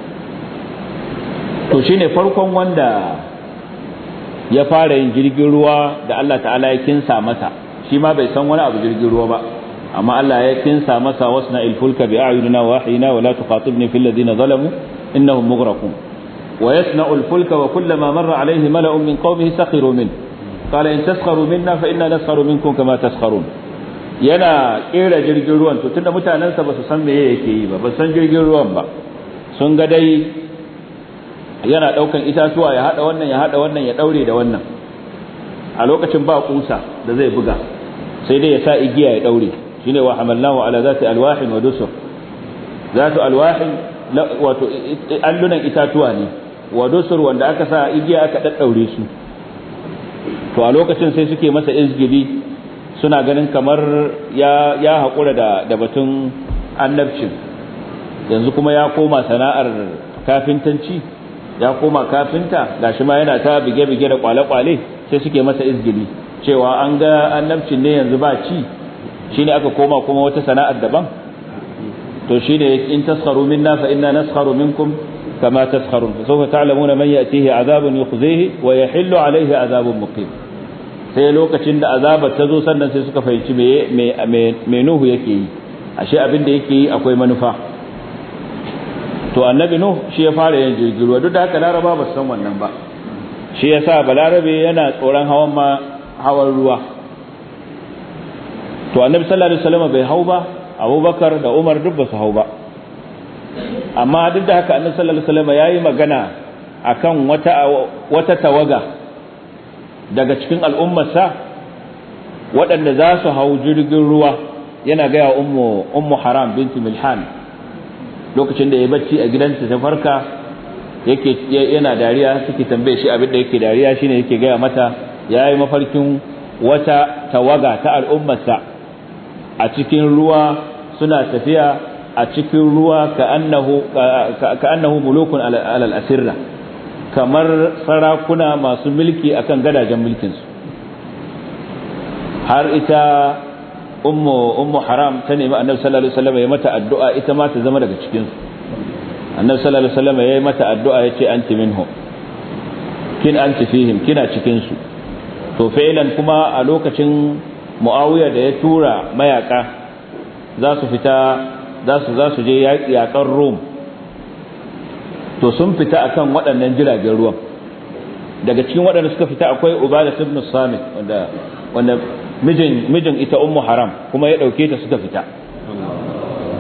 to shine farkon wanda ya fara yin jirgin ruwa da Allah ta'ala ya kinsa masa shi ma bai san wani abu jirgin ruwa ba amma Allah ya kinsa masa wasna ilfulka bi a'yunina wa wahyina wa la tuqatibni fil ladina zalamu innahum mughraqun wa yasna'u alfulka wa kullama marra alayhi mala'un min qawmihi sakhiru min qala in taskharu minna fa inna naskharu minkum kama taskharun yana kera jirgin ruwan to tunda mutanansa ba su san meye yake yi ba ba san jirgin ruwan ba sun ga dai yana daukan itatuwa ya hada wannan ya hada wannan ya daure da wannan a lokacin ba kusa da zai buga sai dai ya sa igiya ya daure shine wa hamalnahu ala zati alwahin wa dusur zatu alwahin wato allunan itatuwa ne wa dusur wanda aka sa igiya aka daddaure su to a lokacin sai suke masa izgidi suna ganin kamar ya haƙura da batun annabcin yanzu kuma ya koma sana'ar kafintanci ya koma kafinta da ma yana ta bige-bige da kwale-kwale sai suke masa izgili cewa an ga annabcin ne yanzu ba ci ne aka koma kuma wata sana'ar daban to ne in tasharu minna fa inna naskharu minkum kama tasharun fa sawfa man ya'tihi 'adabun yukhzihi wa yahillu 'alayhi 'adabun muqim sai lokacin da azabar ta zo sannan sai suka fahimci me nuhu yake yi ashe abin da yake yi akwai manufa to annabi nuhu shi ya fara yin jirgin ruwa duk da haka laraba ba su san wannan ba shi ya sa balarabe yana tsoron hawan ma hawan ruwa to annabi sallallahu alaihi wasallam bai hau ba abubakar da umar duk ba su hau ba amma duk da haka annabi sallallahu alaihi wasallam yayi magana akan wata wata tawaga daga cikin al'ummarsa waɗanda za su hau jirgin ruwa yana gaya ummu ummu haram binti milhan lokacin da ya bacci a gidansa ta farka yana dariya suke tambaye shi abin da yake dariya shine yake gaya mata yayi mafarkin wata tawaga ta al'ummarsa a cikin ruwa suna tafiya a cikin ruwa ka annahu ka annahu mulukun alal asirra kamar sarakuna masu mulki akan gadajen mulkinsu har ita ummu haram ta nemi annabi sallallahu alaihi wasallam ya mata addu'a ita ma ta zama daga su annabi sallallahu alaihi wasallam ya yi mata addu'a ya ce anti minhum kin anti fihim kina cikin su to fa'ilan kuma a lokacin muawiya da ya tura mayaka za su fita za su za su je yaƙi yaƙan rome to sun fita akan waɗannan jiragen ruwan daga cikin waɗanda suka fita akwai ubada ibn samit wanda wanda mijin mijin ita ummu haram kuma ya dauke ta suka fita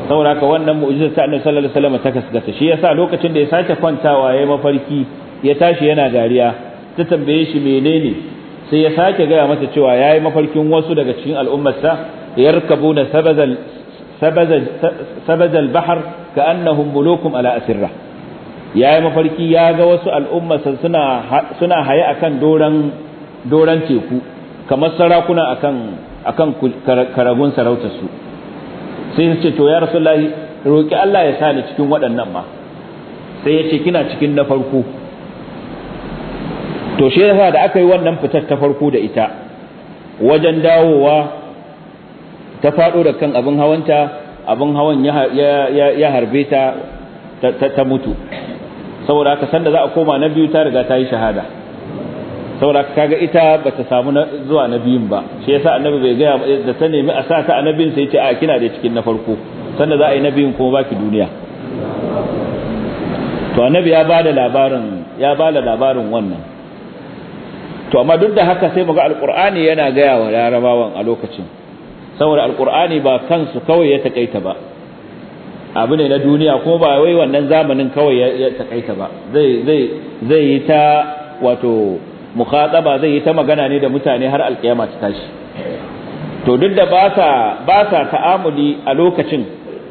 saboda haka wannan mu'jiza ta annabi sallallahu alaihi wasallam ta kasgata shi yasa lokacin da ya sace kwantawa yayi mafarki ya tashi yana dariya ta tambaye shi menene sai ya sake gaya mata cewa yayi mafarkin wasu daga cikin al'ummarsa yarkabuna sabazal sabazal sabazal bahr ka'annahum mulukum ala asirra ya yi mafarki ya ga wasu al'umma suna haye a kan doran teku kamar sarakuna a kan karagun sarautarsu sai su ce to ya lahi roƙi Allah ya sani cikin waɗannan ma sai ya ce kina cikin na farko to shi yasa da aka yi wannan fitar ta farko da ita wajen dawowa ta faɗo da kan abin hawanta abin hawan ya harbe ta ta mutu saboda haka sanda za a koma na biyu ta riga ta yi shahada saboda kaga ita bata samu zuwa na biyun ba shi yasa annabi bai gaya da ta nemi a sa ta annabin sai ce a kina da cikin na farko sanda za a yi na biyun kuma baki duniya to annabi ya bada labarin ya bada labarin wannan to amma duk da haka sai muga alqur'ani yana gaya wa larabawan a lokacin saboda alqur'ani ba kansu kawai ya takaita ba abu ne na duniya kuma ba wai wannan zamanin kawai ya takaita ba zai zai zai yi ta wato mukhataba zai yi ta magana ne da mutane har alkiyama ta tashi to duk da ba sa ta'amuli a lokacin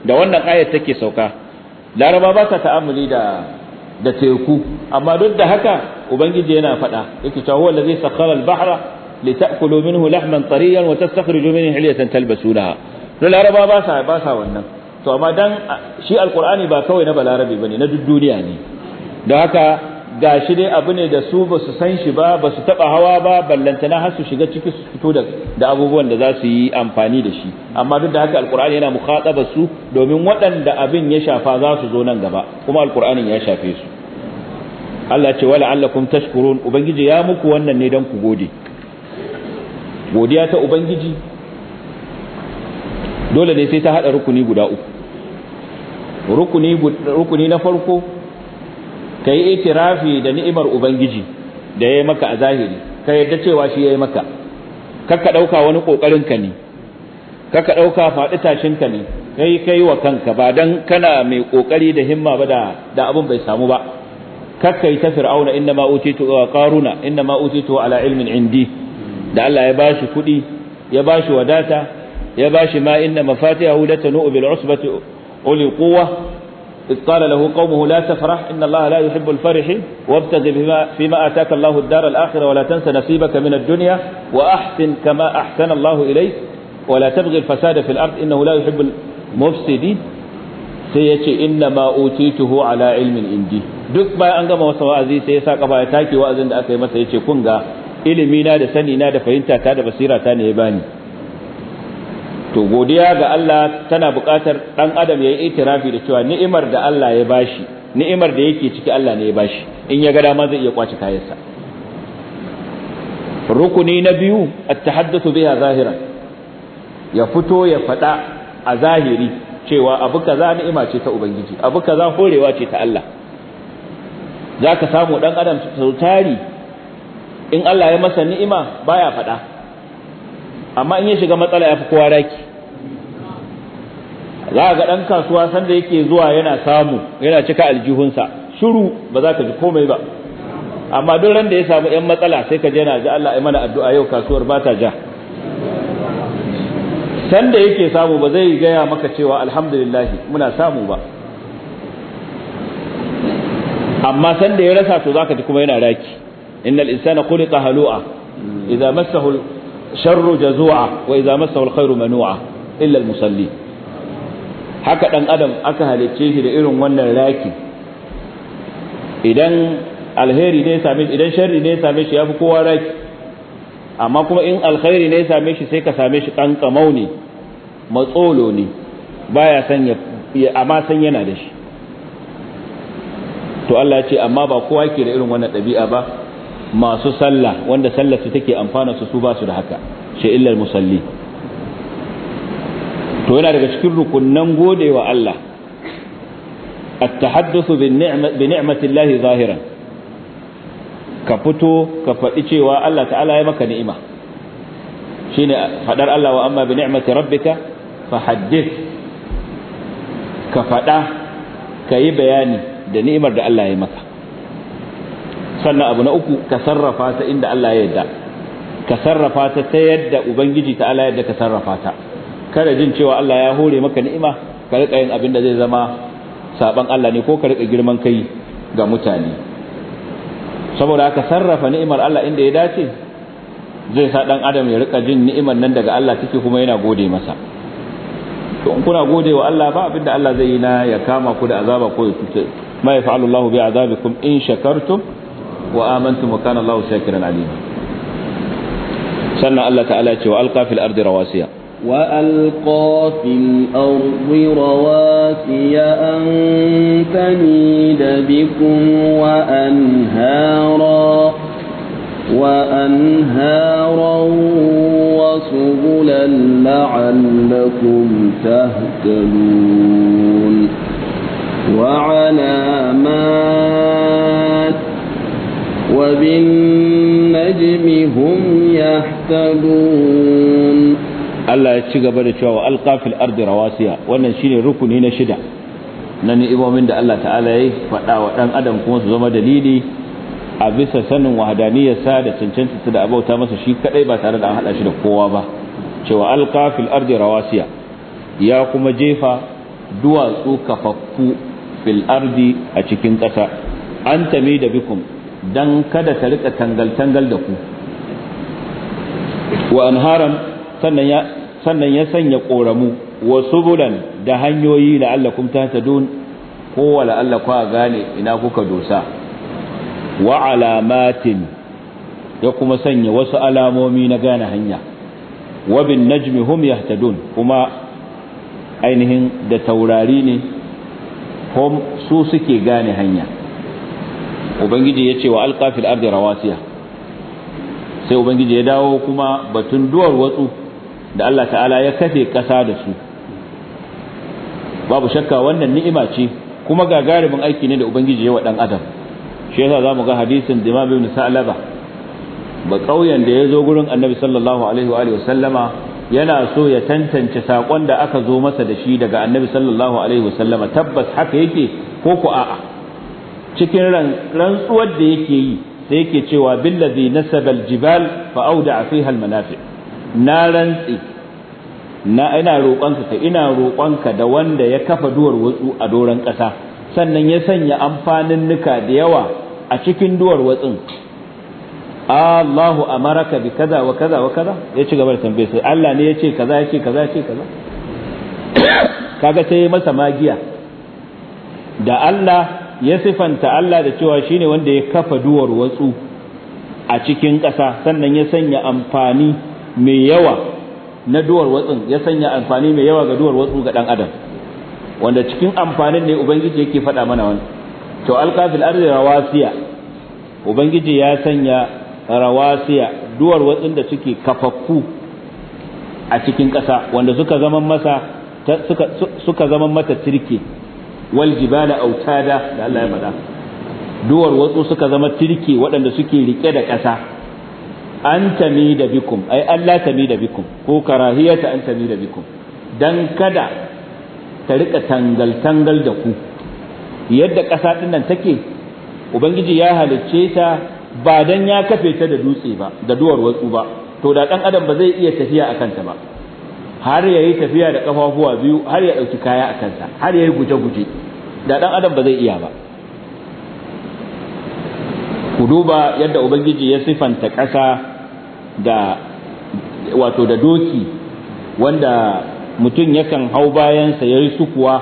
da wannan ayat take sauka laraba ba sa ta'amuli da da teku amma duk da haka ubangiji yana faɗa yake cewa huwa allazi sakhara al-bahra litakulu minhu lahman tariyan wa tastakhriju minhu hilyatan talbasunaha laraba ba sa ba sa wannan to amma dan shi alqur'ani ba kawai na balarabe bane na duk duniya ne don haka gashi dai abu ne da su ba su san shi ba ba su taba hawa ba ballantana har su shiga ciki su fito da da abubuwan da za su yi amfani da shi amma duk da haka alqur'ani yana mukhataba su domin waɗanda abin ya shafa za su zo nan gaba kuma alqur'anin ya shafe su Allah ce wala allakum tashkurun ubangiji ya muku wannan ne dan ku gode godiya ta ubangiji dole ne sai ta hada rukuni guda uku rukuni na farko ka yi itirafi da ni'imar ubangiji da ya yi maka a zahiri ka yadda cewa shi ya yi maka kakka ɗauka wani ƙoƙarinka ne kakka ɗauka faɗi tashinka ne kai kai wa kanka ba dan kana mai kokari da himma ba da abun bai samu ba kakka yi ta fir'auna inna ma utitu wa qaruna inna ma utitu ala ilmin indi da Allah ya bashi kuɗi ya bashi wadata ya bashi ma inna mafatihahu latanu bil usbati uli quwwa إذ قال له قومه لا تفرح إن الله لا يحب الفرحين وابتغ بما فيما آتاك الله الدار الآخرة ولا تنس نصيبك من الدنيا وأحسن كما أحسن الله إليك ولا تبغي الفساد في الأرض إنه لا يحب المفسدين سيأتي إنما أوتيته على علم عندي duk bayan an gama masa wa'azi sai ya sa kafa ya take wa'azin da aka yi masa yace kun ga ilimi na da sani na da fahimta ta da basira ta ne ya bani to godiya ga Allah tana buƙatar ɗan adam ya yi itirafi da cewa ni'imar da Allah ya bashi ni'imar da yake ciki Allah ne ya bashi in ya ga dama zai iya kwace kayansa rukuni na biyu at-tahaddathu biha zahiran ya fito ya faɗa a zahiri cewa abu kaza ni'ima ce ta ubangiji abu kaza horewa ce ta Allah zaka samu ɗan adam tari in Allah ya masa ni'ima baya faɗa amma in ya shiga matsala ya fi kowa raki za a ga ɗan kasuwa sanda yake zuwa yana samu yana cika aljihunsa shiru ba za ka ji komai ba amma duk ran da ya samu ‘yan matsala sai ka je na ji Allah ya mana addu'a yau kasuwar ba ta ja sanda yake samu ba zai gaya maka cewa alhamdulillahi muna samu ba amma sanda ya rasa to za ka ji kuma yana raki innal insana khuliqa halu'a idza massahu شر jazu'a wa idza الخير alkhairu manu'a illa haka dan adam aka halicce shi da irin wannan raki idan alheri ne ya same shi idan sharri ne ya same shi yafi kowa raki amma kuma in alkhairi ne ya same shi sai ka same shi kankamau ne matsolo ne baya san ya amma san yana da shi to Allah ya ce amma ba kowa ke da irin wannan ɗabi'a ba masu sallah wanda sallar su take amfana su su ba su da haka shi illal musalli to yana daga cikin rukunnan godewa Allah at-tahaddathu bi ni'mati Allah zahiran ka fito ka faɗi cewa Allah ta'ala ya maka ni'ima shine fadar Allah wa amma bi ni'mati rabbika fa haddith ka fada ka yi bayani da ni'imar da Allah ya maka sannan abu na uku ka sarrafa ta inda Allah ya yarda ka sarrafa ta ta yadda ubangiji ta Allah yadda ka sarrafa ta kada jin cewa Allah ya hore maka ni'ima ka rika yin abin da zai zama saban Allah ne ko ka rika girman kai ga mutane saboda haka sarrafa ni'imar Allah inda ya dace zai sa dan adam ya rika jin ni'imar nan daga Allah take kuma yana gode masa to in kuna gode wa Allah ba abin da Allah zai yi na ya kama ku da azaba ko ya tuce ma yaf'alu Allahu bi azabikum in shakartum وآمنتم وكان الله شاكرا عليما سنة الله تعالى وألقى في الأرض رواسيا وألقى في الأرض رواسي أن تميد بكم وأنهارا وأنهارا وسبلا لعلكم تهتدون وعلامات وبالنجم هم يهتدون الله يتشغب لتشوى وألقى في الأرض رواسيا ونشيني ركني rukuni na ni'imomin da Allah ta'ala ya yi wa ɗan adam kuma su zama dalili a bisa sanin sa da cancanta da abauta masa shi kadai ba tare da an haɗa shi da kowa ba cewa alkafil ardi rawasiya ya kuma jefa duwatsu kafaffu fil ardi a cikin ƙasa an tami da bikum dan kada ta rika tangal-tangal da ku wa anharan sannan ya sannan ya sanya koramu wa subulan da hanyoyi ta tahtadun ko Allah a gane ina kuka dosa wa alamatin ya kuma sanya wasu alamomi na gane hanya wa bin najmi hum yahtadun kuma ainihin da taurari ne hom su suke gane hanya ubangiji ya ce wa alqa fil rawasiya sai ubangiji ya dawo kuma batun duwar watsu da Allah ta'ala ya kafe ƙasa da su babu shakka wannan ni'ima ce kuma gagarumin aiki ne da ubangiji ya wa dan adam shi yasa zamu ga hadisin Imam Ibn Sa'laba ba ƙauyen da ya zo gurin Annabi sallallahu alaihi wa sallama yana so ya tantance saƙon da aka zo masa da shi daga Annabi sallallahu alaihi sallama tabbas haka yake ko ko a'a cikin rantsuwar da yake yi sai yake cewa billazi nasabal jibal fa auda fiha al manafi na rantsi na ina roƙonka ka ina roƙonka da wanda ya kafa duwar wutsu a doron ƙasa sannan ya sanya amfanin nuka da yawa a cikin duwar wutsin Allahu amaraka bi kaza wa kaza wa kaza ya ci gaba da tambaye sai Allah ne ya ce kaza ya ce kaza ya ce kaza kaga sai masa magiya da Allah ya sifanta Allah da cewa shine wanda ya kafa duwar watsu a cikin ƙasa sannan ya sanya amfani mai yawa na duwar watsin ya sanya amfani mai yawa ga duwar watsu ga dan adam wanda cikin amfanin ne ubangiji yake faɗa mana wani to alqafil ardi rawasiya ubangiji ya sanya rawasiya duwar watsin da suke kafaffu a cikin ƙasa wanda suka zaman masa suka zaman mata sirke wal jibala autada da Allah ya faɗa duwar watsu suka zama tirke waɗanda suke rike da ƙasa an tami da bikum ai Allah tami da bikum ko karahiyata an tami da bikum dan kada ta rika tangal tangal da ku yadda ƙasa ɗinnan nan take ubangiji ya halicce ta ba dan ya kafe ta da dutse ba da duwar watsu ba to da ɗan adam ba zai iya tafiya a kanta ba har ya yi tafiya da ƙafafuwa biyu har ya ɗauki kaya a kansa har ya yi guje-guje da ɗan adam ba zai iya ba ku duba yadda ubangiji ya sifanta ƙasa da wato da doki wanda mutum yakan hau bayansa ya yi sukuwa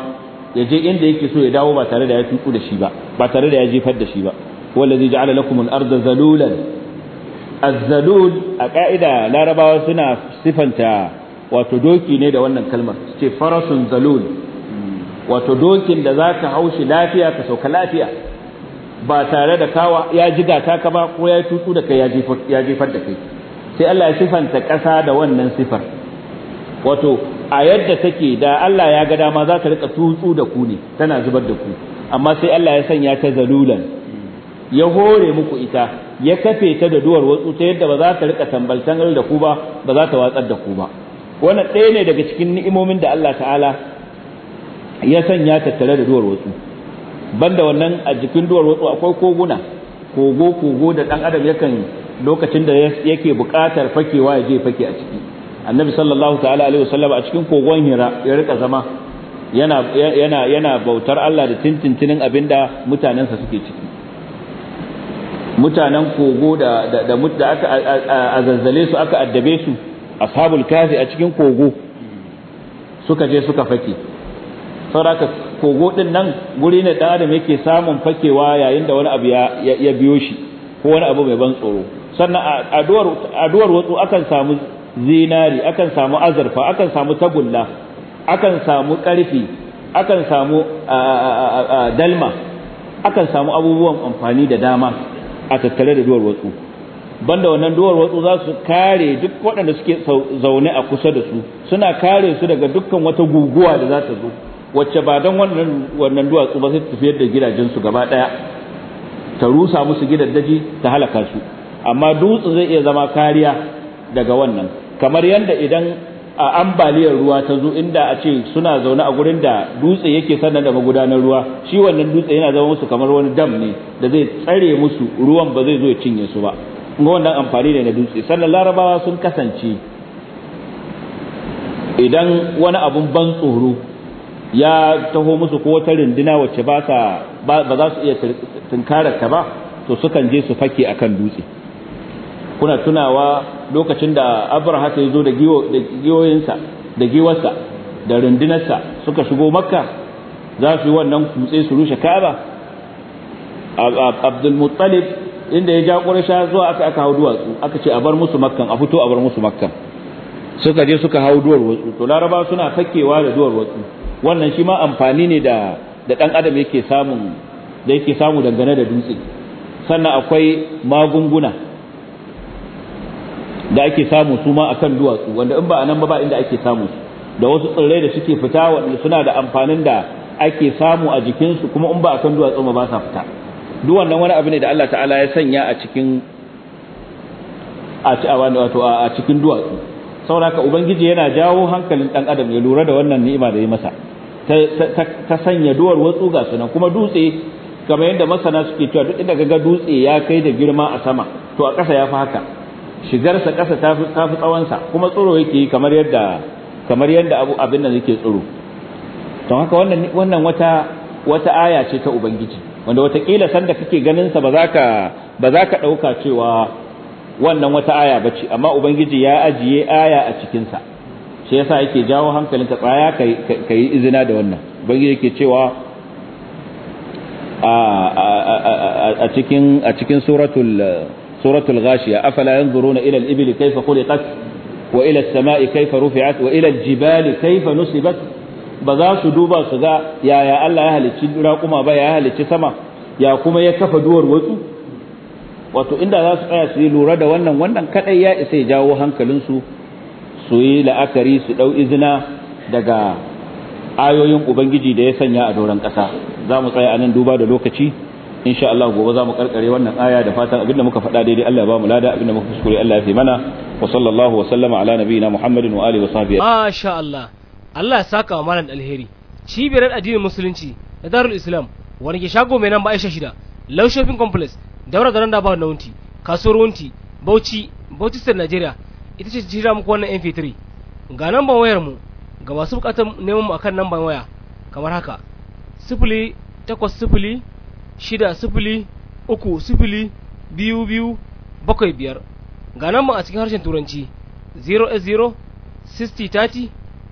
ya je inda yake so ya dawo ba tare da ya tuku da shi ba ba tare da ya jefar da shi ba wallazi ja'ala lakum al-ardha zalulan az-zalul a ka'ida larabawa suna sifanta wato doki ne da wannan kalmar ce farasun zalul wato dokin da zaka haushi lafiya ka sauka lafiya ba tare da kawa ya ji gata ka ba ko ya yi tutu da kai ya jefar da kai sai Allah ya sifanta ƙasa da wannan sifar wato a yadda take da Allah ya ga dama za ta rika tutsu da ku ne tana zubar da ku amma sai Allah ya sanya ta zalulan ya hore muku ita ya kafe ta da duwar wasu ta yadda ba za ta rika tambal da ku ba ba za ta watsar da ku ba wannan ɗaya ne daga cikin ni'imomin da Allah ta'ala ya sanya tattare da duwar wasu banda wannan a jikin duwar wasu akwai koguna kogo kogo da ɗan adam yakan lokacin da yake buƙatar fakewa ya je fake a ciki annabi sallallahu ta'ala alaihi wasallam a cikin kogon hira ya rika zama yana yana yana bautar Allah da tintintinin abinda mutanensa suke ciki mutanen kogo da da da aka azazzale su aka addabe su ashabul kafi a cikin kogo suka je suka fake sauraka kogo din nan guri ne dan adam yake samun fakewa yayin da wani abu ya biyo shi ko wani abu mai ban tsoro sannan aduwar watsu akan samu zinari akan samu azurfa akan samu tagulla akan samu karfi akan samu dalma akan samu abubuwan amfani da dama a tattare da duwar watsu banda wannan duwar watsu za su kare duk waɗanda suke zaune a kusa da su suna kare su daga dukkan wata guguwa da za ta zo wacce ba don wannan duwatsu ba sai ta tafiyar da gidajensu gaba ɗaya ta rusa musu daji ta halaka su amma dutse zai iya zama kariya daga wannan kamar yadda idan a ambaliyar ruwa ta zo inda a ce suna zaune a gurin da dutse yake sannan da magudanar ruwa shi wannan dutse yana zama musu kamar wani dam ne da zai tsare musu ruwan ba zai zo ya cinye su ba ga wannan amfani da na dutse sannan larabawa sun kasance idan wani abun ban tsoro ya taho musu ko wata runduna wacce ba ba za su iya tunkarar ta ba to sukan je su fake akan dutse kuna tunawa lokacin da abraha ya zo da giwoyinsa da giwarsa da rundunarsa suka shigo makka za su yi wannan kutse su rushe ka'aba abdul inda ya ja quraysha zuwa aka aka hau duwatsu aka ce a bar musu makkan a fito a bar musu makkan suka je suka hau duwar watsu to laraba suna fakewa da duwar watsu wannan shi ma amfani ne da da dan adam yake samun da yake samu dangane da dutse sannan akwai magunguna da ake samu su ma akan duwatsu wanda in ba a nan ba ba inda ake samu da wasu tsirrai da suke fita wanda suna da amfanin da ake samu a jikinsu kuma in ba akan duwatsu ba sa fita duk wannan wani abu ne da Allah ta'ala ya sanya a cikin a cikin duwatsu sauraka ubangiji yana jawo hankalin ɗan adam ya lura da wannan ni'ima da ya masa ta sanya duwar watsu ga sunan kuma dutse kamar yadda masana suke cewa duk inda dutse ya kai da girma a sama to a ƙasa ya fi haka shigarsa ƙasa ta fi tsawonsa kuma tsoro yake kamar yadda kamar yadda abu abin nan yake tsoro don haka wannan wannan wata wata aya ce ta ubangiji wanda watakila sanda kake ganin sa ba za ka ɗauka cewa wannan wata aya ba ce amma ubangiji ya ajiye aya a cikinsa shi yasa yake jawo hankalinka tsaya ka yi izina da wannan ubangiji yake cewa a cikin a cikin suratul suratul ghashiya afala yanzuruna ila al-ibli kuri khuliqat wa ila samai kayfa rufi'at wa ila jibali kayfa nusibat ba za su duba su ga yaya Allah ya halicci raƙuma ba ya halicci sama ya kuma ya kafa duwar watsu wato inda za su tsaya su yi lura da wannan wannan kadai ya isa ya jawo hankalinsu su yi la'akari su ɗau izina daga ayoyin ubangiji da ya sanya a doron ƙasa za mu tsaya a nan duba da lokaci insha Allah gobe za mu karkare wannan aya da fatan abinda muka faɗa daidai Allah ya ba mu lada abinda muka kuskure Allah ya fi mana wa sallallahu wa sallama ala nabiyina Muhammadin wa alihi wa sahbihi masha Allah Allah ya saka wa malam alheri cibiyar addinin musulunci da darul islam wani ke shago mai nan ba aisha shida low shopping complex daura da randa ba na wunti kasuwar wunti bauchi bauchi state nigeria ita ce jira muku wannan mp3 ga namban wayar mu ga masu bukatar neman mu akan namban waya kamar haka sifili takwas sifili shida sifili uku sifili biyu biyu bakwai biyar ga namban a cikin harshen turanci 0 0